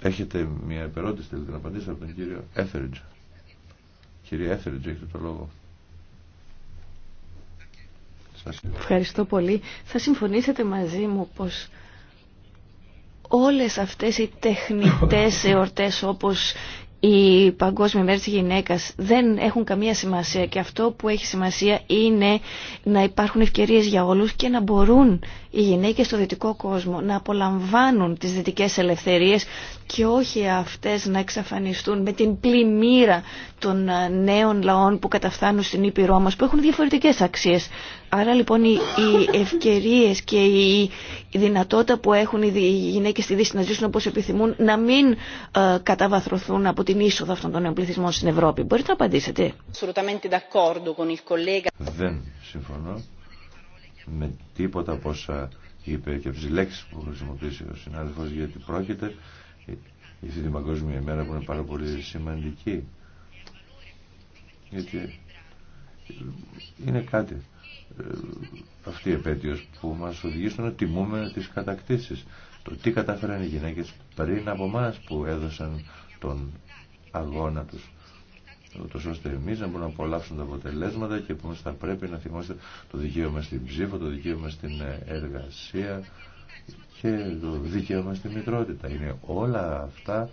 Έχετε μια επερώτηση, θέλετε να απαντήσετε από τον κύριο Έθεριτζα. Κυρία Έθριτζ, έχετε το λόγο. Ευχαριστώ πολύ. Θα συμφωνήσετε μαζί μου πως όλες αυτές οι τεχνητές εορτές όπως οι Παγκόσμιοι Μέρες της Γυναίκας δεν έχουν καμία σημασία και αυτό που έχει σημασία είναι να υπάρχουν ευκαιρίες για όλους και να μπορούν οι γυναίκες στο δυτικό κόσμο να απολαμβάνουν τις δυτικές ελευθερίες και όχι αυτές να εξαφανιστούν με την πλημμύρα των ε, νέων λαών που καταφθάνουν στην Ήπειρό μας που έχουν διαφορετικές αξίες. Άρα λοιπόν οι, οι ευκαιρίες και η, δυνατότητα που έχουν οι γυναίκες στη Δύση να ζήσουν όπως επιθυμούν να μην ε, από την είσοδο αυτών των νέων πληθυσμών στην Ευρώπη. Μπορείτε να απαντήσετε. Δεν συμφωνώ με τίποτα από όσα είπε και από τις λέξεις που χρησιμοποιήσει ο συνάδελφος γιατί πρόκειται η αυτή την παγκόσμια ημέρα που είναι πάρα πολύ σημαντική. Γιατί είναι κάτι ε, αυτή η επέτειο που μας οδηγεί να τιμούμε τις κατακτήσεις. Το τι κατάφεραν οι γυναίκες πριν από εμά που έδωσαν τον αγώνα τους ούτω ώστε εμεί να μπορούμε να απολαύσουμε τα αποτελέσματα και που θα πρέπει να θυμόμαστε το δικαίωμα στην ψήφο, το δικαίωμα στην εργασία και το δικαίωμα στην μητρότητα. Είναι όλα αυτά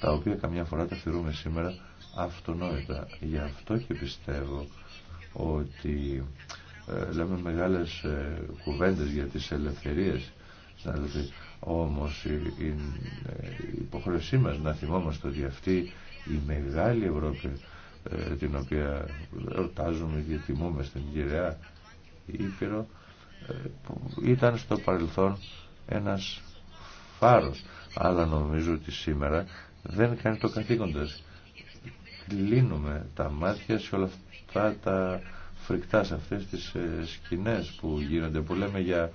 τα οποία καμιά φορά τα θεωρούμε σήμερα αυτονόητα. Γι' αυτό και πιστεύω ότι ε, λέμε μεγάλες ε, κουβέντες για τις ελευθερίες δηλαδή Όμως η ε, υποχρεωσή μας να θυμόμαστε ότι αυτή η μεγάλη Ευρώπη την οποία εορτάζουμε και τιμούμε στην Κυριά Ήπειρο ήταν στο παρελθόν ένας φάρος αλλά νομίζω ότι σήμερα δεν κάνει το καθήκοντας κλείνουμε τα μάτια σε όλα αυτά τα φρικτά σε αυτές τις ε, σκηνές που γίνονται, που λέμε για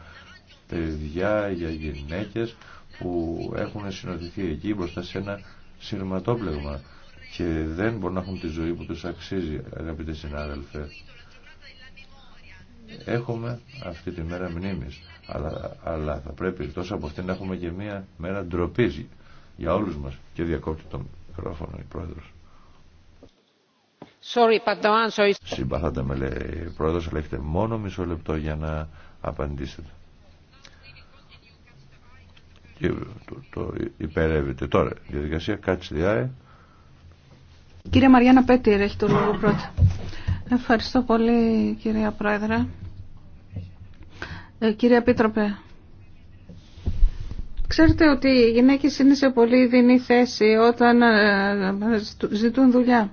παιδιά, για γυναίκες που έχουν συνοδηθεί εκεί μπροστά σε ένα σειρματόπλεγμα και δεν μπορούν να έχουν τη ζωή που τους αξίζει, αγαπητοί συνάδελφοι. Έχουμε αυτή τη μέρα μνήμης, αλλά, αλλά θα πρέπει τόσο από αυτήν να έχουμε και μία μέρα ντροπή για όλους μας και διακόπτει το μικρόφωνο η Πρόεδρος. Sorry, but Συμπαθάτε με λέει η πρόεδρος, αλλά έχετε μόνο μισό λεπτό για να απαντήσετε. Και το, το υπερεύετε. Τώρα, διαδικασία κάτσε διάρε. Κύριε Μαριάννα Πέτυρ έχει το λόγο πρώτα. Ευχαριστώ πολύ κυρία Πρόεδρε. Ε, κύριε Επίτροπε, ξέρετε ότι οι γυναίκες είναι σε πολύ δινή θέση όταν ε, ζητούν δουλειά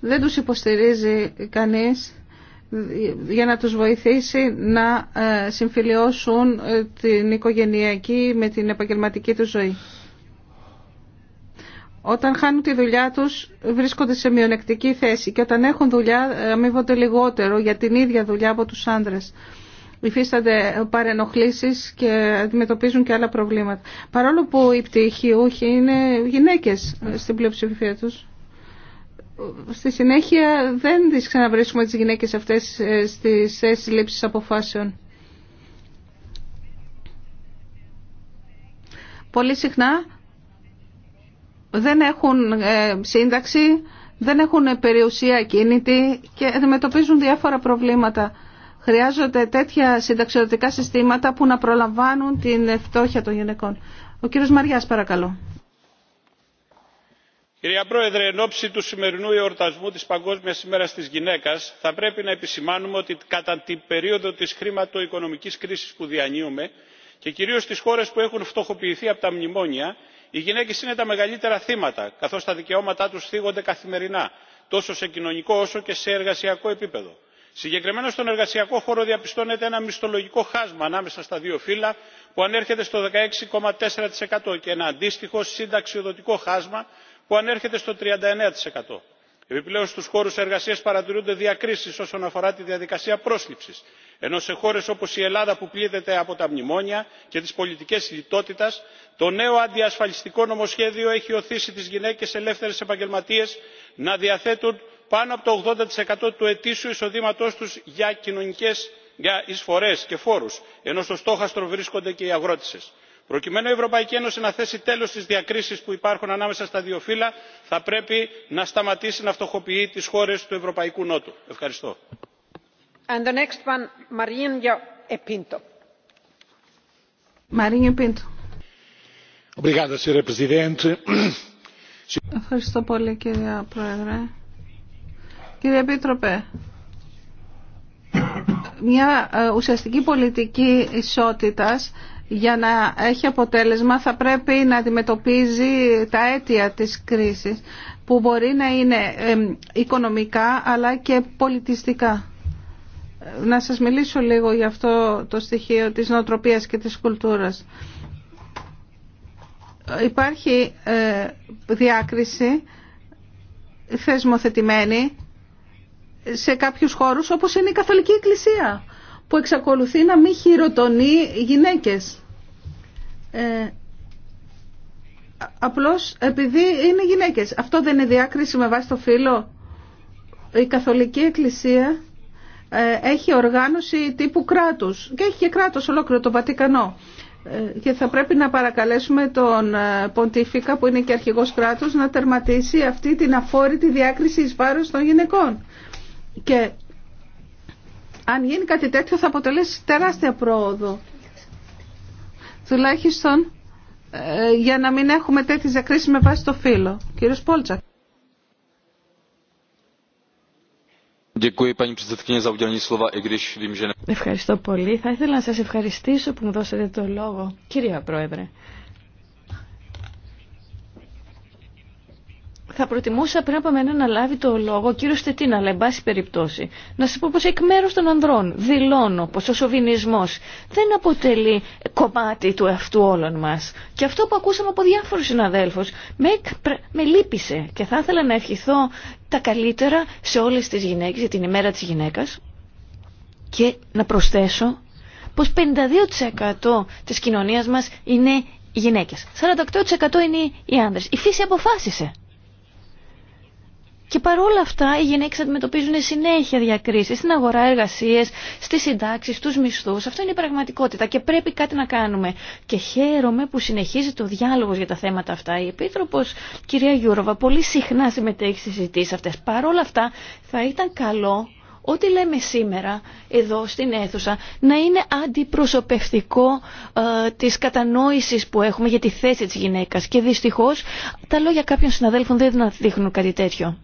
δεν τους υποστηρίζει κανείς για να τους βοηθήσει να ε, συμφιλειώσουν ε, την οικογενειακή με την επαγγελματική τους ζωή. Όταν χάνουν τη δουλειά τους βρίσκονται σε μειονεκτική θέση και όταν έχουν δουλειά ε, αμείβονται λιγότερο για την ίδια δουλειά από τους άνδρες. Υφίστανται παρενοχλήσεις και αντιμετωπίζουν και άλλα προβλήματα. Παρόλο που οι πτυχιούχοι είναι γυναίκες στην πλειοψηφία τους στη συνέχεια δεν τις ξαναβρίσκουμε τις γυναίκες αυτές ε, στις θέσεις αποφάσεων. Πολύ συχνά δεν έχουν ε, σύνταξη, δεν έχουν περιουσία κίνητη και αντιμετωπίζουν διάφορα προβλήματα. Χρειάζονται τέτοια συνταξιδοτικά συστήματα που να προλαμβάνουν την φτώχεια των γυναικών. Ο κύριος Μαριάς παρακαλώ κυρία πρόεδρε εν ώψη του σημερινού εορτασμού της παγκόσμιας ημέρας της γυναίκας θα πρέπει να επισημάνουμε ότι κατά την περίοδο της χρηματοοικονομικής κρίσης που διανύουμε και κυρίως στις χώρες που έχουν φτωχοποιηθεί από τα μνημόνια οι γυναίκες είναι τα μεγαλύτερα θύματα καθώς τα δικαιώματά τους θίγονται καθημερινά τόσο σε κοινωνικό όσο και σε εργασιακό επίπεδο. συγκεκριμένα στον εργασιακό χώρο διαπιστώνεται ένα μισθολογικό χάσμα ανάμεσα στα δύο φύλλα που ανέρχεται στο 16,4% και ένα αντίστοιχο συνταξιοδοτικό χάσμα που ανέρχεται στο. 39%. Επιπλέον στους χώρους εργασίας παρατηρούνται διακρίσεις όσον αφορά τη διαδικασία πρόσληψης, ενώ σε χώρες όπως η Ελλάδα που πλήττεται από τα μνημόνια και τις πολιτικές λιτότητας, το νέο αντιασφαλιστικό νομοσχέδιο έχει οθήσει τις γυναίκες ελεύθερες επαγγελματίες να διαθέτουν πάνω από το 80% του ετήσιου εισοδήματός τους για κοινωνικές για εισφορές και φόρους, ενώ στο στόχαστρο βρίσκονται και οι αγρότησε προκειμένου η ευρωπαϊκή ένωση να θέσει τέλο στι διακρίσει που υπάρχουν ανάμεσα στα δύο φύλλα θα πρέπει να σταματήσει να φτωχοποιεί τι χώρε του ευρωπαϊκού νότου. ευχαριστώ. Ευχαριστώ πολύ κύριε Πρόεδρε. Κύριε Επίτροπε, μια ε, ουσιαστική πολιτική ισότητας για να έχει αποτέλεσμα θα πρέπει να αντιμετωπίζει τα αίτια της κρίσης που μπορεί να είναι οικονομικά αλλά και πολιτιστικά. Να σας μιλήσω λίγο για αυτό το στοιχείο της νοοτροπίας και της κουλτούρας. Υπάρχει ε, διάκριση θεσμοθετημένη σε κάποιους χώρους όπως είναι η Καθολική Εκκλησία που εξακολουθεί να μην χειροτονεί γυναίκες. Ε, απλώς επειδή είναι γυναίκες. Αυτό δεν είναι διάκριση με βάση το φύλλο. Η Καθολική Εκκλησία ε, έχει οργάνωση τύπου κράτους και έχει και κράτος ολόκληρο τον Πατικανό ε, και θα πρέπει να παρακαλέσουμε τον ε, Ποντίφικα που είναι και αρχηγός κράτους να τερματίσει αυτή την αφόρητη διάκριση εις βάρος των γυναικών αν γίνει κάτι τέτοιο θα αποτελέσει τεράστια πρόοδο. Τουλάχιστον ε, για να μην έχουμε τέτοιες διακρίσεις με βάση το φύλλο. Κύριος Πόλτσακ. Ευχαριστώ πολύ. Θα ήθελα να σας ευχαριστήσω που μου δώσατε το λόγο. κύρια Πρόεδρε, θα προτιμούσα πριν από μένα να λάβει το λόγο ο κύριο Στετίνα, αλλά εν πάση περιπτώσει. Να σα πω πω εκ μέρου των ανδρών δηλώνω πω ο σοβινισμό δεν αποτελεί κομμάτι του αυτού όλων μα. Και αυτό που ακούσαμε από διάφορου συναδέλφου με, με λύπησε και θα ήθελα να ευχηθώ τα καλύτερα σε όλε τι γυναίκε για την ημέρα τη γυναίκα. Και να προσθέσω πω 52% τη κοινωνία μα είναι γυναίκες. 48% είναι οι άνδρες. Η φύση αποφάσισε. Και παρόλα αυτά οι γυναίκες αντιμετωπίζουν συνέχεια διακρίσεις στην αγορά εργασίες, στις συντάξεις, στους μισθούς. Αυτό είναι η πραγματικότητα και πρέπει κάτι να κάνουμε. Και χαίρομαι που συνεχίζει το διάλογος για τα θέματα αυτά. Η Επίτροπος κυρία Γιούροβα πολύ συχνά συμμετέχει στις συζητήσεις αυτές. Παρόλα αυτά θα ήταν καλό ό,τι λέμε σήμερα εδώ στην αίθουσα να είναι αντιπροσωπευτικό ε, της κατανόησης που έχουμε για τη θέση της γυναίκας. Και δυστυχώς τα λόγια κάποιων συναδέλφων δεν δείχνουν κάτι τέτοιο.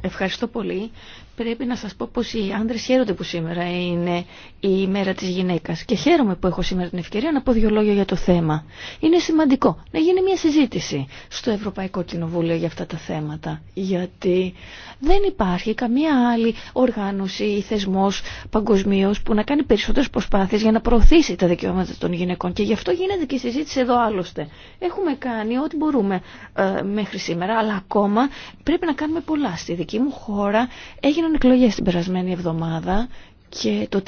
Ευχαριστώ πολύ. Πρέπει να σας πω πως οι άντρες χαίρονται που σήμερα είναι η μέρα της γυναίκας και χαίρομαι που έχω σήμερα την ευκαιρία να πω δύο λόγια για το θέμα. Είναι σημαντικό να γίνει μια συζήτηση στο Ευρωπαϊκό Κοινοβούλιο για αυτά τα θέματα γιατί δεν υπάρχει καμία άλλη οργάνωση ή θεσμός παγκοσμίω που να κάνει περισσότερες προσπάθειες για να προωθήσει τα δικαιώματα των γυναικών και γι' αυτό γίνεται και η συζήτηση εδώ άλλωστε. Έχουμε κάνει ό,τι μπορούμε ε, μέχρι σήμερα αλλά ακόμα πρέπει να κάνουμε πολλά. Στη δική μου χώρα έγινε Έγιναν εκλογέ την περασμένη εβδομάδα και το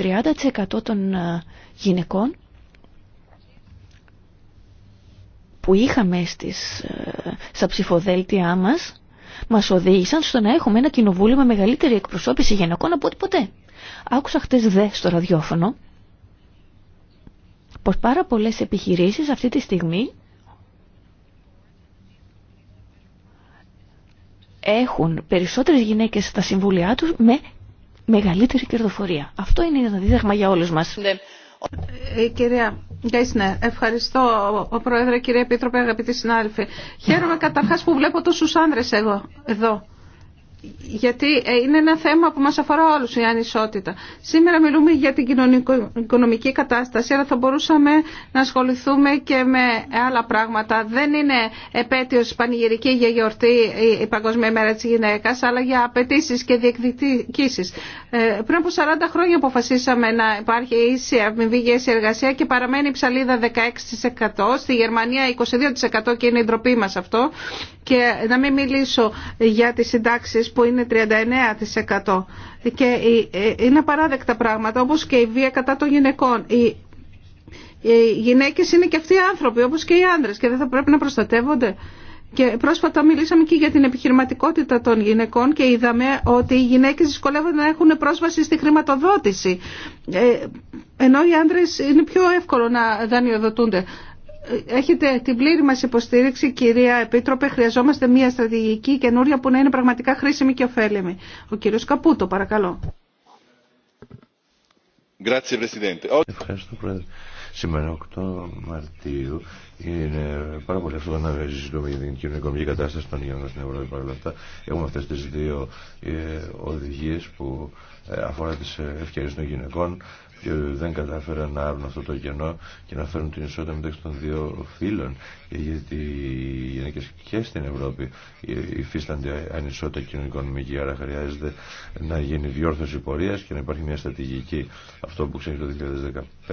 30% των ε, γυναικών που είχαμε στις, ε, στα ψηφοδέλτια μας μας οδήγησαν στο να έχουμε ένα κοινοβούλιο με μεγαλύτερη εκπροσώπηση γυναικών από ό,τι ποτέ. Άκουσα χτες δε στο ραδιόφωνο πως πάρα πολλές επιχειρήσεις αυτή τη στιγμή έχουν περισσότερες γυναίκες στα συμβούλια τους με μεγαλύτερη κερδοφορία. Αυτό είναι ένα δίδαγμα για όλους μας. Ναι. Ε, κυρία Γκέισνερ, ευχαριστώ ο Πρόεδρε, κυρία Επίτροπε, αγαπητοί συνάδελφοι. Χαίρομαι καταρχάς που βλέπω τόσους άνδρες εγώ εδώ γιατί ε, είναι ένα θέμα που μας αφορά όλους η ανισότητα. Σήμερα μιλούμε για την κοινωνικο-οικονομική κατάσταση, αλλά θα μπορούσαμε να ασχοληθούμε και με άλλα πράγματα. Δεν είναι επέτειος πανηγυρική για γιορτή η Παγκοσμία Μέρα της Γυναίκας, αλλά για απαιτήσει και διεκδικήσεις. Ε, πριν από 40 χρόνια αποφασίσαμε να υπάρχει ίση αμοιβή για εργασία και παραμένει η ψαλίδα 16%. Στη Γερμανία 22% και είναι η ντροπή μας αυτό. Και να μην μιλήσω για τις συντάξεις που είναι 39% και ε, είναι παράδεκτα πράγματα όπως και η βία κατά των γυναικών. Οι, οι γυναίκες είναι και αυτοί οι άνθρωποι όπως και οι άνδρες και δεν θα πρέπει να προστατεύονται. Και πρόσφατα μιλήσαμε και για την επιχειρηματικότητα των γυναικών και είδαμε ότι οι γυναίκες δυσκολεύονται να έχουν πρόσβαση στη χρηματοδότηση. Ε, ενώ οι άνδρες είναι πιο εύκολο να δανειοδοτούνται έχετε την πλήρη μας υποστήριξη κυρία Επίτροπε. Χρειαζόμαστε μια στρατηγική καινούρια που να είναι πραγματικά χρήσιμη και ωφέλιμη. Ο κύριος Καπούτο παρακαλώ. Ευχαριστώ πρόεδρε. Σήμερα 8 Μαρτίου είναι πάρα πολύ αυτό να συζητούμε για την κοινωνική κατάσταση των υγειών στην Ευρώπη. Παρ' έχουμε αυτέ τι δύο ε, οδηγίε που ε, αφορά τι ε, ευκαιρίε των γυναικών και δεν κατάφεραν να άρουν αυτό το κενό και να φέρουν την ισότητα μεταξύ των δύο φύλων γιατί οι γυναίκε και στην Ευρώπη υφίστανται ανισότητα κοινωνικονομική άρα χρειάζεται να γίνει διόρθωση πορείας και να υπάρχει μια στρατηγική αυτό που ξέρει το 2015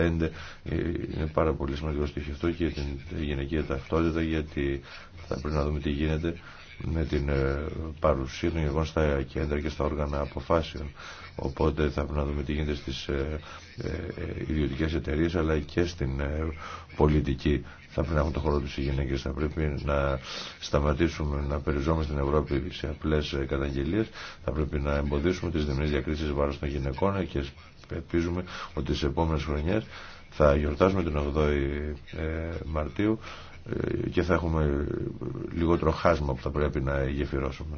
είναι πάρα πολύ σημαντικό στοιχείο αυτό και την γυναική ταυτότητα γιατί θα πρέπει να δούμε τι γίνεται με την ε, παρουσία των γεγονών στα κέντρα και στα όργανα αποφάσεων. Οπότε θα πρέπει να δούμε τι γίνεται στις ε, ε, ιδιωτικές εταιρείες αλλά και στην πολιτική. Θα πρέπει να έχουν το χώρο τους οι γυναίκες. Θα πρέπει να σταματήσουμε να περιζόμαστε στην Ευρώπη σε απλές καταγγελίες. Θα πρέπει να εμποδίσουμε τις δεμινές διακρίσεις βάρος των γυναικών και ελπίζουμε ότι στις επόμενες χρονιές θα γιορτάσουμε την 8η Μαρτίου και θα έχουμε λιγότερο χάσμα που θα πρέπει να γεφυρώσουμε.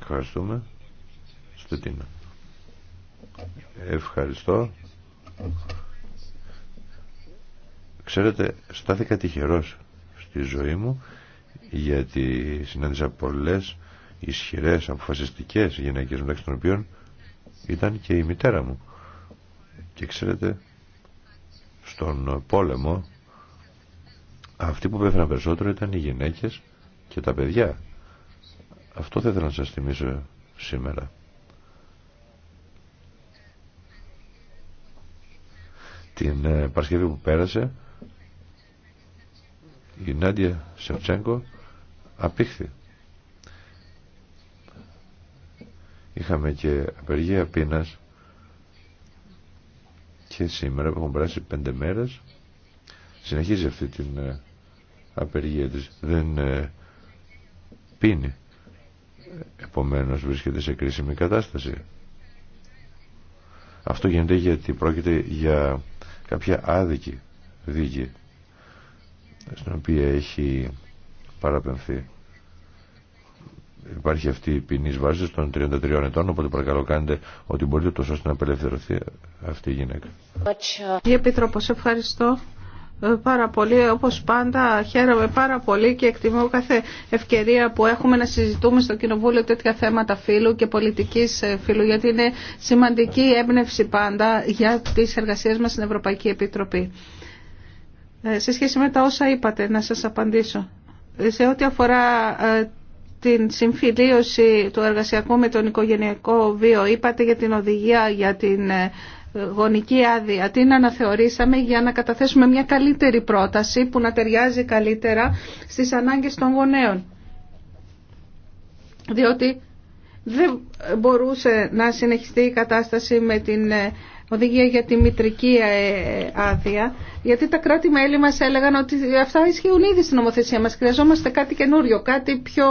Ευχαριστούμε. τίνα. Ευχαριστώ. Ξέρετε, στάθηκα τυχερός στη ζωή μου γιατί συνάντησα πολλές ισχυρές, αποφασιστικές γυναίκες μεταξύ των οποίων ήταν και η μητέρα μου. Και ξέρετε, στον πόλεμο αυτοί που πέφεραν περισσότερο ήταν οι γυναίκες και τα παιδιά. Αυτό θα ήθελα να σας θυμίσω σήμερα. Την ε, Παρασκευή που πέρασε η Νάντια Σεφτσέγκο απήχθη. Είχαμε και απεργία πείνας και σήμερα που έχουν περάσει πέντε μέρες συνεχίζει αυτή την ε, απεργία της δεν ε, πίνει επομένως βρίσκεται σε κρίσιμη κατάσταση αυτό γίνεται γιατί πρόκειται για κάποια άδικη δίκη στην οποία έχει παραπενθεί. υπάρχει αυτή η ποινή βάση των 33 ετών, οπότε παρακαλώ κάντε ό,τι μπορείτε τόσο ώστε να απελευθερωθεί αυτή η γυναίκα. Κύριε ευχαριστώ πάρα πολύ. Όπως πάντα χαίρομαι πάρα πολύ και εκτιμώ κάθε ευκαιρία που έχουμε να συζητούμε στο Κοινοβούλιο τέτοια θέματα φύλου και πολιτικής ε, φύλου γιατί είναι σημαντική έμπνευση πάντα για τις εργασίες μας στην Ευρωπαϊκή Επιτροπή. Ε, σε σχέση με τα όσα είπατε, να σας απαντήσω. Ε, σε ό,τι αφορά την συμφιλίωση του εργασιακού με τον οικογενειακό βίο, είπατε για την οδηγία για την γονική άδεια. Την αναθεωρήσαμε για να καταθέσουμε μια καλύτερη πρόταση που να ταιριάζει καλύτερα στις ανάγκες των γονέων. Διότι δεν μπορούσε να συνεχιστεί η κατάσταση με την ε, οδηγία για τη μητρική ε, άδεια, γιατί τα κράτη-μέλη μας έλεγαν ότι αυτά ισχύουν ήδη στην νομοθεσία μας. Χρειαζόμαστε κάτι καινούριο, κάτι πιο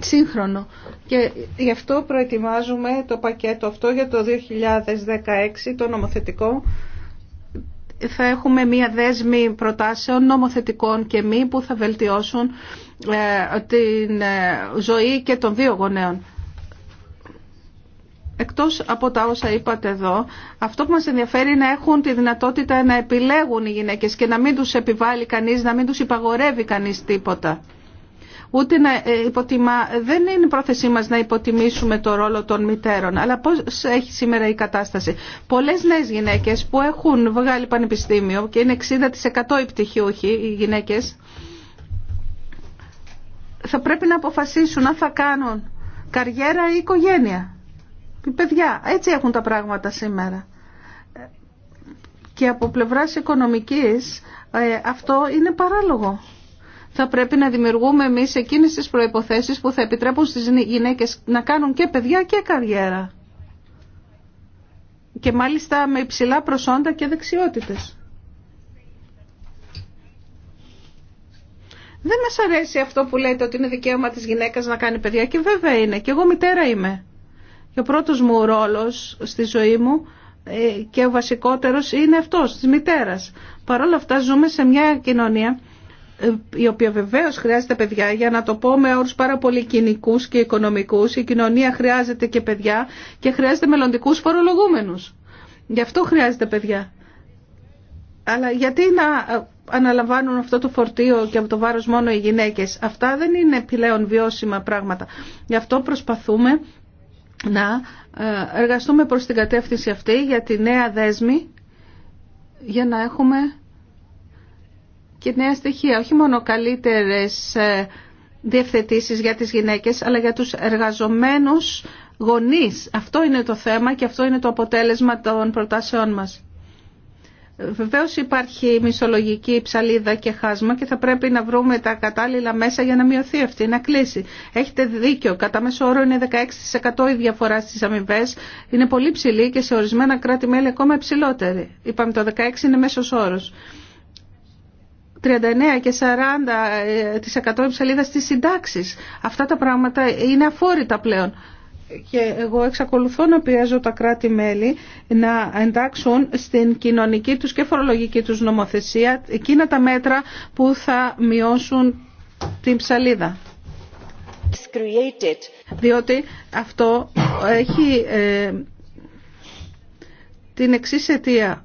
σύγχρονο. Και γι' αυτό προετοιμάζουμε το πακέτο αυτό για το 2016, το νομοθετικό. Θα έχουμε μία δέσμη προτάσεων νομοθετικών και μη που θα βελτιώσουν ε, την ε, ζωή και των δύο γονέων. Εκτός από τα όσα είπατε εδώ, αυτό που μας ενδιαφέρει είναι να έχουν τη δυνατότητα να επιλέγουν οι γυναίκες και να μην τους επιβάλλει κανείς, να μην τους υπαγορεύει κανείς τίποτα ούτε ε, υποτιμά, δεν είναι η πρόθεσή μας να υποτιμήσουμε το ρόλο των μητέρων, αλλά πώς έχει σήμερα η κατάσταση. Πολλές νέες γυναίκες που έχουν βγάλει πανεπιστήμιο και είναι 60% οι πτυχιούχοι οι γυναίκες, θα πρέπει να αποφασίσουν αν θα κάνουν καριέρα ή οικογένεια. Οι παιδιά, έτσι έχουν τα πράγματα σήμερα. Και από πλευράς οικονομικής ε, αυτό είναι παράλογο θα πρέπει να δημιουργούμε εμεί εκείνες τι προποθέσει που θα επιτρέπουν στις γυναίκες να κάνουν και παιδιά και καριέρα. Και μάλιστα με υψηλά προσόντα και δεξιότητες. Δεν μας αρέσει αυτό που λέτε ότι είναι δικαίωμα της γυναίκας να κάνει παιδιά και βέβαια είναι. Και εγώ μητέρα είμαι. Και ο πρώτος μου ρόλος στη ζωή μου ε, και ο βασικότερος είναι αυτός, της μητέρας. Παρ' όλα αυτά ζούμε σε μια κοινωνία η οποία βεβαίω χρειάζεται παιδιά, για να το πω με όρου πάρα πολύ κοινικού και οικονομικού. η κοινωνία χρειάζεται και παιδιά και χρειάζεται μελλοντικού φορολογούμενους. Γι' αυτό χρειάζεται παιδιά. Αλλά γιατί να ε, αναλαμβάνουν αυτό το φορτίο και από το βάρο μόνο οι γυναίκε. Αυτά δεν είναι επιλέον βιώσιμα πράγματα. Γι' αυτό προσπαθούμε να ε, εργαστούμε προς την κατεύθυνση αυτή για τη νέα δέσμη για να έχουμε και νέα στοιχεία, όχι μόνο καλύτερες ε, διευθετήσεις για τις γυναίκες, αλλά για τους εργαζομένους γονείς. Αυτό είναι το θέμα και αυτό είναι το αποτέλεσμα των προτάσεών μας. Βεβαίω υπάρχει μισολογική ψαλίδα και χάσμα και θα πρέπει να βρούμε τα κατάλληλα μέσα για να μειωθεί αυτή, να κλείσει. Έχετε δίκιο. Κατά μέσο όρο είναι 16% η διαφορά στι αμοιβέ. Είναι πολύ ψηλή και σε ορισμένα κράτη-μέλη ακόμα υψηλότερη. Είπαμε το 16% είναι μέσο όρο. 39 και 40% ε, ψαλίδα της συντάξεις. Αυτά τα πράγματα είναι αφόρητα πλέον. Και εγώ εξακολουθώ να πιέζω τα κράτη-μέλη να εντάξουν στην κοινωνική τους και φορολογική τους νομοθεσία εκείνα τα μέτρα που θα μειώσουν την ψαλίδα. Διότι αυτό έχει ε, την εξής αιτία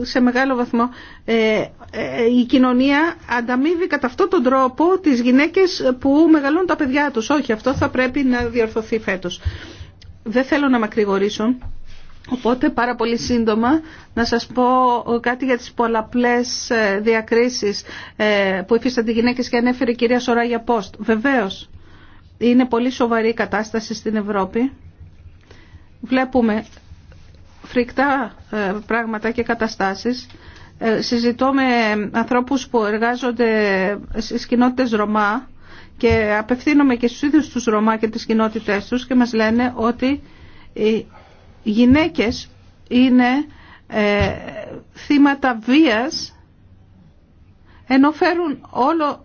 σε μεγάλο βαθμό ε, ε, η κοινωνία ανταμείβει κατά αυτόν τον τρόπο τις γυναίκες που μεγαλώνουν τα παιδιά τους. Όχι, αυτό θα πρέπει να διορθωθεί φέτος. Δεν θέλω να μακρηγορήσω, οπότε πάρα πολύ σύντομα να σας πω κάτι για τις πολλαπλές ε, διακρίσεις που υφίστανται οι γυναίκες και ανέφερε η κυρία Σωράγια Πόστ. Βεβαίως, είναι πολύ σοβαρή η κατάσταση στην Ευρώπη. Βλέπουμε φρικτά ε, πράγματα και καταστάσεις. Ε, συζητώ με ανθρώπους που εργάζονται στις κοινότητες Ρωμά και απευθύνομαι και στους ίδιους τους Ρωμά και τις κοινότητές τους και μας λένε ότι οι γυναίκες είναι ε, θύματα βίας ενώ φέρουν όλο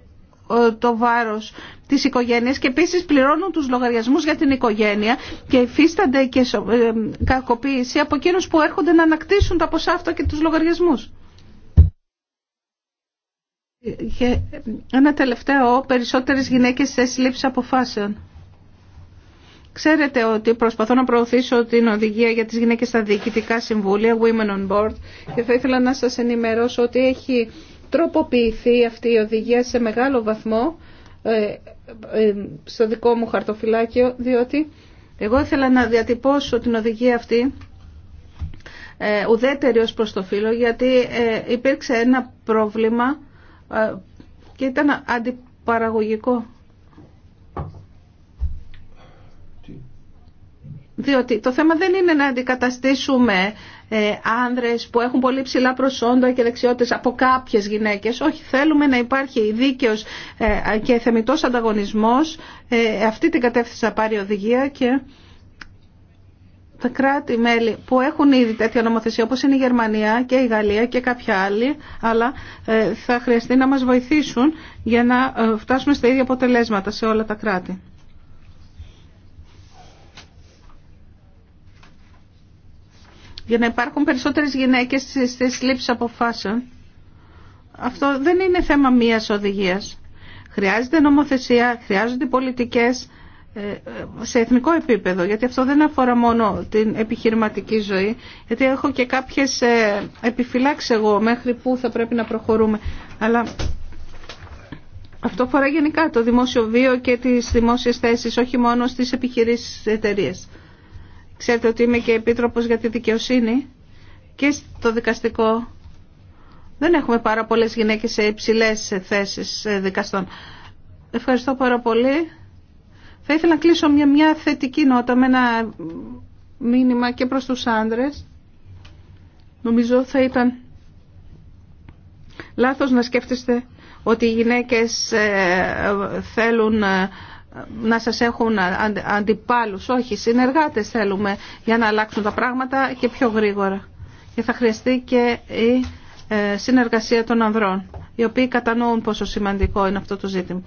ε, το βάρος της οικογένειας και επίσης πληρώνουν τους λογαριασμούς για την οικογένεια και υφίστανται και ε, κακοποίηση από εκείνους που έρχονται να ανακτήσουν τα ποσά αυτά και τους λογαριασμούς. Ε, ένα τελευταίο, περισσότερες γυναίκες σε λήψη αποφάσεων. Ξέρετε ότι προσπαθώ να προωθήσω την οδηγία για τις γυναίκες στα διοικητικά συμβούλια, Women on Board, και θα ήθελα να σας ενημερώσω ότι έχει τροποποιηθεί αυτή η οδηγία σε μεγάλο βαθμό ε, ε, στο δικό μου χαρτοφυλάκιο, διότι εγώ ήθελα να διατυπώσω την οδηγία αυτή ε, ουδέτερη ως προς το φύλλο, γιατί υπήρξε ένα πρόβλημα και ήταν αντιπαραγωγικό. Διότι το θέμα δεν είναι να αντικαταστήσουμε ε, άνδρες που έχουν πολύ ψηλά προσόντα και δεξιότητες από κάποιες γυναίκες. Όχι, θέλουμε να υπάρχει δίκαιος ε, και θεμητός ανταγωνισμός. Ε, αυτή την κατεύθυνση θα πάρει οδηγία και τα κράτη-μέλη που έχουν ήδη τέτοια νομοθεσία όπως είναι η Γερμανία και η Γαλλία και κάποια άλλη αλλά θα χρειαστεί να μας βοηθήσουν για να φτάσουμε στα ίδια αποτελέσματα σε όλα τα κράτη. για να υπάρχουν περισσότερες γυναίκες στις λήψεις αποφάσεων. Αυτό δεν είναι θέμα μίας οδηγίας. Χρειάζεται νομοθεσία, χρειάζονται πολιτικές ε, σε εθνικό επίπεδο, γιατί αυτό δεν αφορά μόνο την επιχειρηματική ζωή, γιατί έχω και κάποιες ε, επιφυλάξεις εγώ μέχρι που θα πρέπει να προχωρούμε. Αλλά αυτό αφορά γενικά το δημόσιο βίο και τις δημόσιες θέσεις, όχι μόνο στις επιχειρήσεις εταιρείες. Ξέρετε ότι είμαι και επίτροπος για τη δικαιοσύνη και στο δικαστικό. Δεν έχουμε πάρα πολλές γυναίκες σε υψηλές θέσεις ε, δικαστών. Ευχαριστώ πάρα πολύ. Θα ήθελα να κλείσω μια, μια θετική νότα με ένα μήνυμα και προς τους άντρες. Νομίζω θα ήταν λάθος να σκέφτεστε ότι οι γυναίκες ε, θέλουν ε, να σας έχουν αντιπάλους. Όχι, συνεργάτες θέλουμε για να αλλάξουν τα πράγματα και πιο γρήγορα. Και θα χρειαστεί και η ε, συνεργασία των ανδρών, οι οποίοι κατανοούν πόσο σημαντικό είναι αυτό το ζήτημα.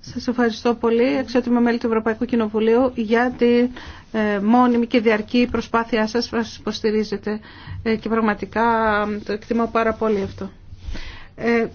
Σας ευχαριστώ πολύ, εξότιμα μέλη του Ευρωπαϊκού Κοινοβουλίου, για τη ε, μόνιμη και διαρκή προσπάθειά σας που σας υποστηρίζετε. Ε, και πραγματικά το εκτιμώ πάρα πολύ αυτό. Ε,